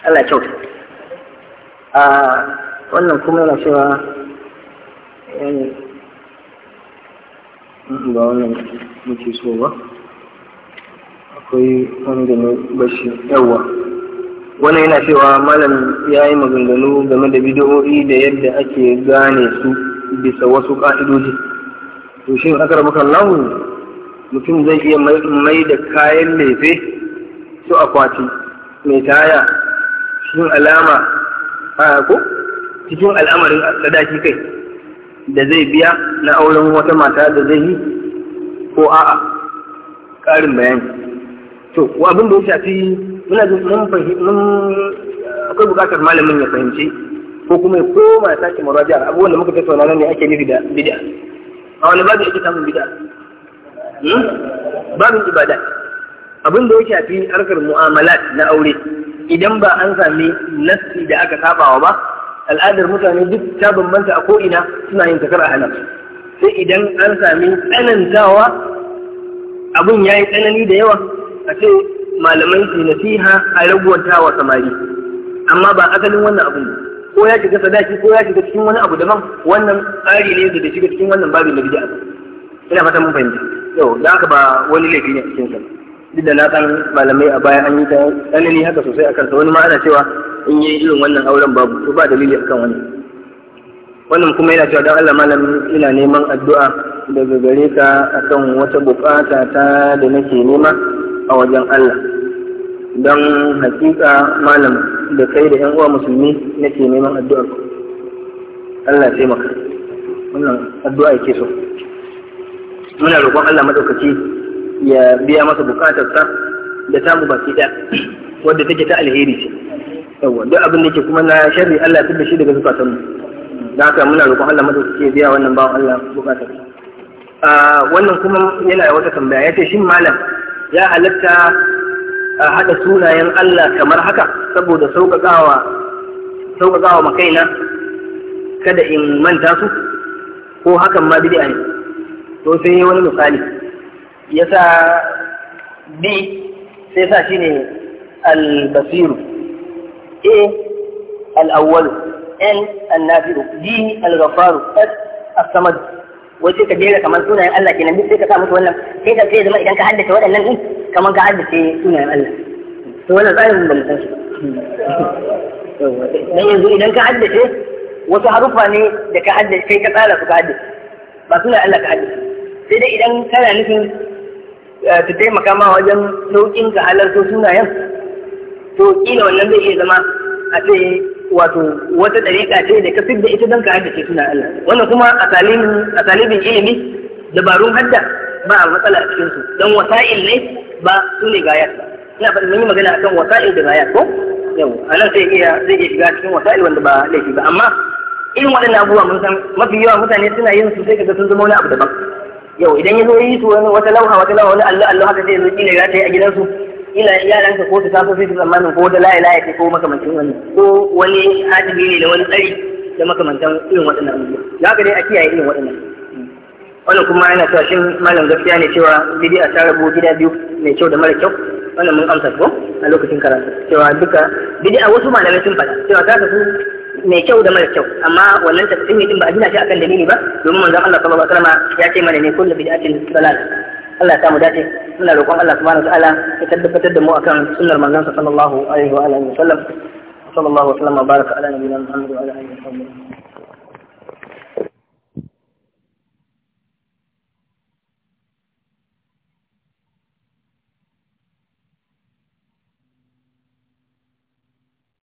Allah ya kyau a wannan kuma yana cewa mm, ba wannan muke so ba akwai wanda ne bashi yawa wannan yana cewa malam ya yi maganganu game da bidiyo'i da yadda ake gane su bisa wasu ka'idoji to shin akar maka lahu mutum zai iya mai da kayan lefe su akwati mai taya cikin alama a ko cikin al'amarin sadaki kai da zai biya na auren wata mata da zai yi ko a'a ƙarin bayani to abin da ya shafi muna mun akwai buƙatar malamin ya fahimci ko kuma ya koma ya sake muraja abubuwan da muka tattauna ne ake nufi da bid'a a wani babu ita samun bid'a hmm? babin ibada abin da ya shafi harkar mu'amalat na aure idan ba an sami nassi da aka sabawa ba al'adar mutane duk ta bambanta a ko'ina suna yin takar a sai idan an sami tsanantawa abin ya yi tsanani da yawa a ce malamai su nasiha a ragwanta wa samari amma ba asalin wannan abin ko ya shiga sadaki ko ya shiga cikin wani abu daban wannan tsari ne da shiga cikin wannan babin da bid'a ina fata mun fahimta yau da haka ba wani laifi ne a cikin sa duk da na san malamai a baya an yi ta tsanani haka sosai a sa wani ma ana cewa in yi irin wannan auren babu to ba dalili akan wani wannan kuma yana cewa don Allah malam ina neman addu'a daga gare ka akan wata bukata ta da nake nema a wajen Allah don hakika malam da kai da yan uwa musulmi nake neman addu'ar ku Allah ya maka wannan addu'a yake so muna roƙon Allah madaukaki ya biya masa bukatarsa da tamu baki ɗaya wadda take ta alheri ce yawa duk abin da ke kuma na sharri Allah ya da shi daga zukatanmu da haka muna roƙon Allah madaukaki ya biya wannan bawan Allah bukatarsa ah, wannan kuma yana wata tambaya ya ce shin malam ya halatta a haɗa sunayen Allah kamar haka saboda sauƙaƙawa makaina kada in manta su ko hakan ma bid'a ne to sai wani misali yasa b sai sa shine al-basiru a al-awwal n an-nafi'u d al-ghafaru s as-samad wai sai ka jera kamar sunayen Allah kenan duk sai ka sa musu wannan sai ka sai zama idan ka haddace waɗannan din kamar ka haddace sunayen Allah to wannan tsarin da mutum shi dan yanzu idan ka haddace wasu harufa ne da ka haddace kai ka tsara su ka haddace ba sunayen Allah ka haddace sai dai idan kana nufin ta eh, taimaka ma wajen sauƙin ka halarta sunayen to kila wannan zai iya zama a tsaye wato wata dariƙa ce da ka fidda ita don ka haddace suna Allah wannan kuma a talibin ilimi dabarun hadda ba a matsala a cikinsu. don wasa'il ne ba su ne gaya ina faɗin mun yi magana akan wasa'il da gaya ko yau a nan sai iya zai iya shiga cikin wasa'il wanda ba laifi ba amma irin waɗannan abubuwa mun san mafi yawa mutane suna yin su sai kaga sun zama wani abu daban yau idan ya zo yi su wata lauha wata lauha wani allo-allo haka sai ya zo kila ya ta yi a gidansu ila yaranka ko ta taso sosai su tsammanin ko da layi layi ko makamancin wani ko wani hadimi ne da wani tsari da makamantan irin waɗannan abubuwa za ka dai a kiyaye irin waɗannan wannan kuma yana cewa shin malam gaskiya ne cewa a ta rabu gida biyu mai kyau da mara kyau wannan mun amsa ko a lokacin karatu cewa duka a wasu malamai sun faɗa cewa ta su mai kyau da mara kyau amma wannan tafsirin din ba a gina shi akan dalili ba domin manzon Allah sallallahu alaihi wasallam ya ce mana ne kullu bid'atin dalal Allah ya samu dace muna roƙon Allah subhanahu ta'ala ya tabbatar da mu akan sunnar manzon sa sallallahu alaihi wa alihi sallam sallallahu alaihi wa sallam baraka ala nabiyina Muhammad wa ala alihi wa sahbihi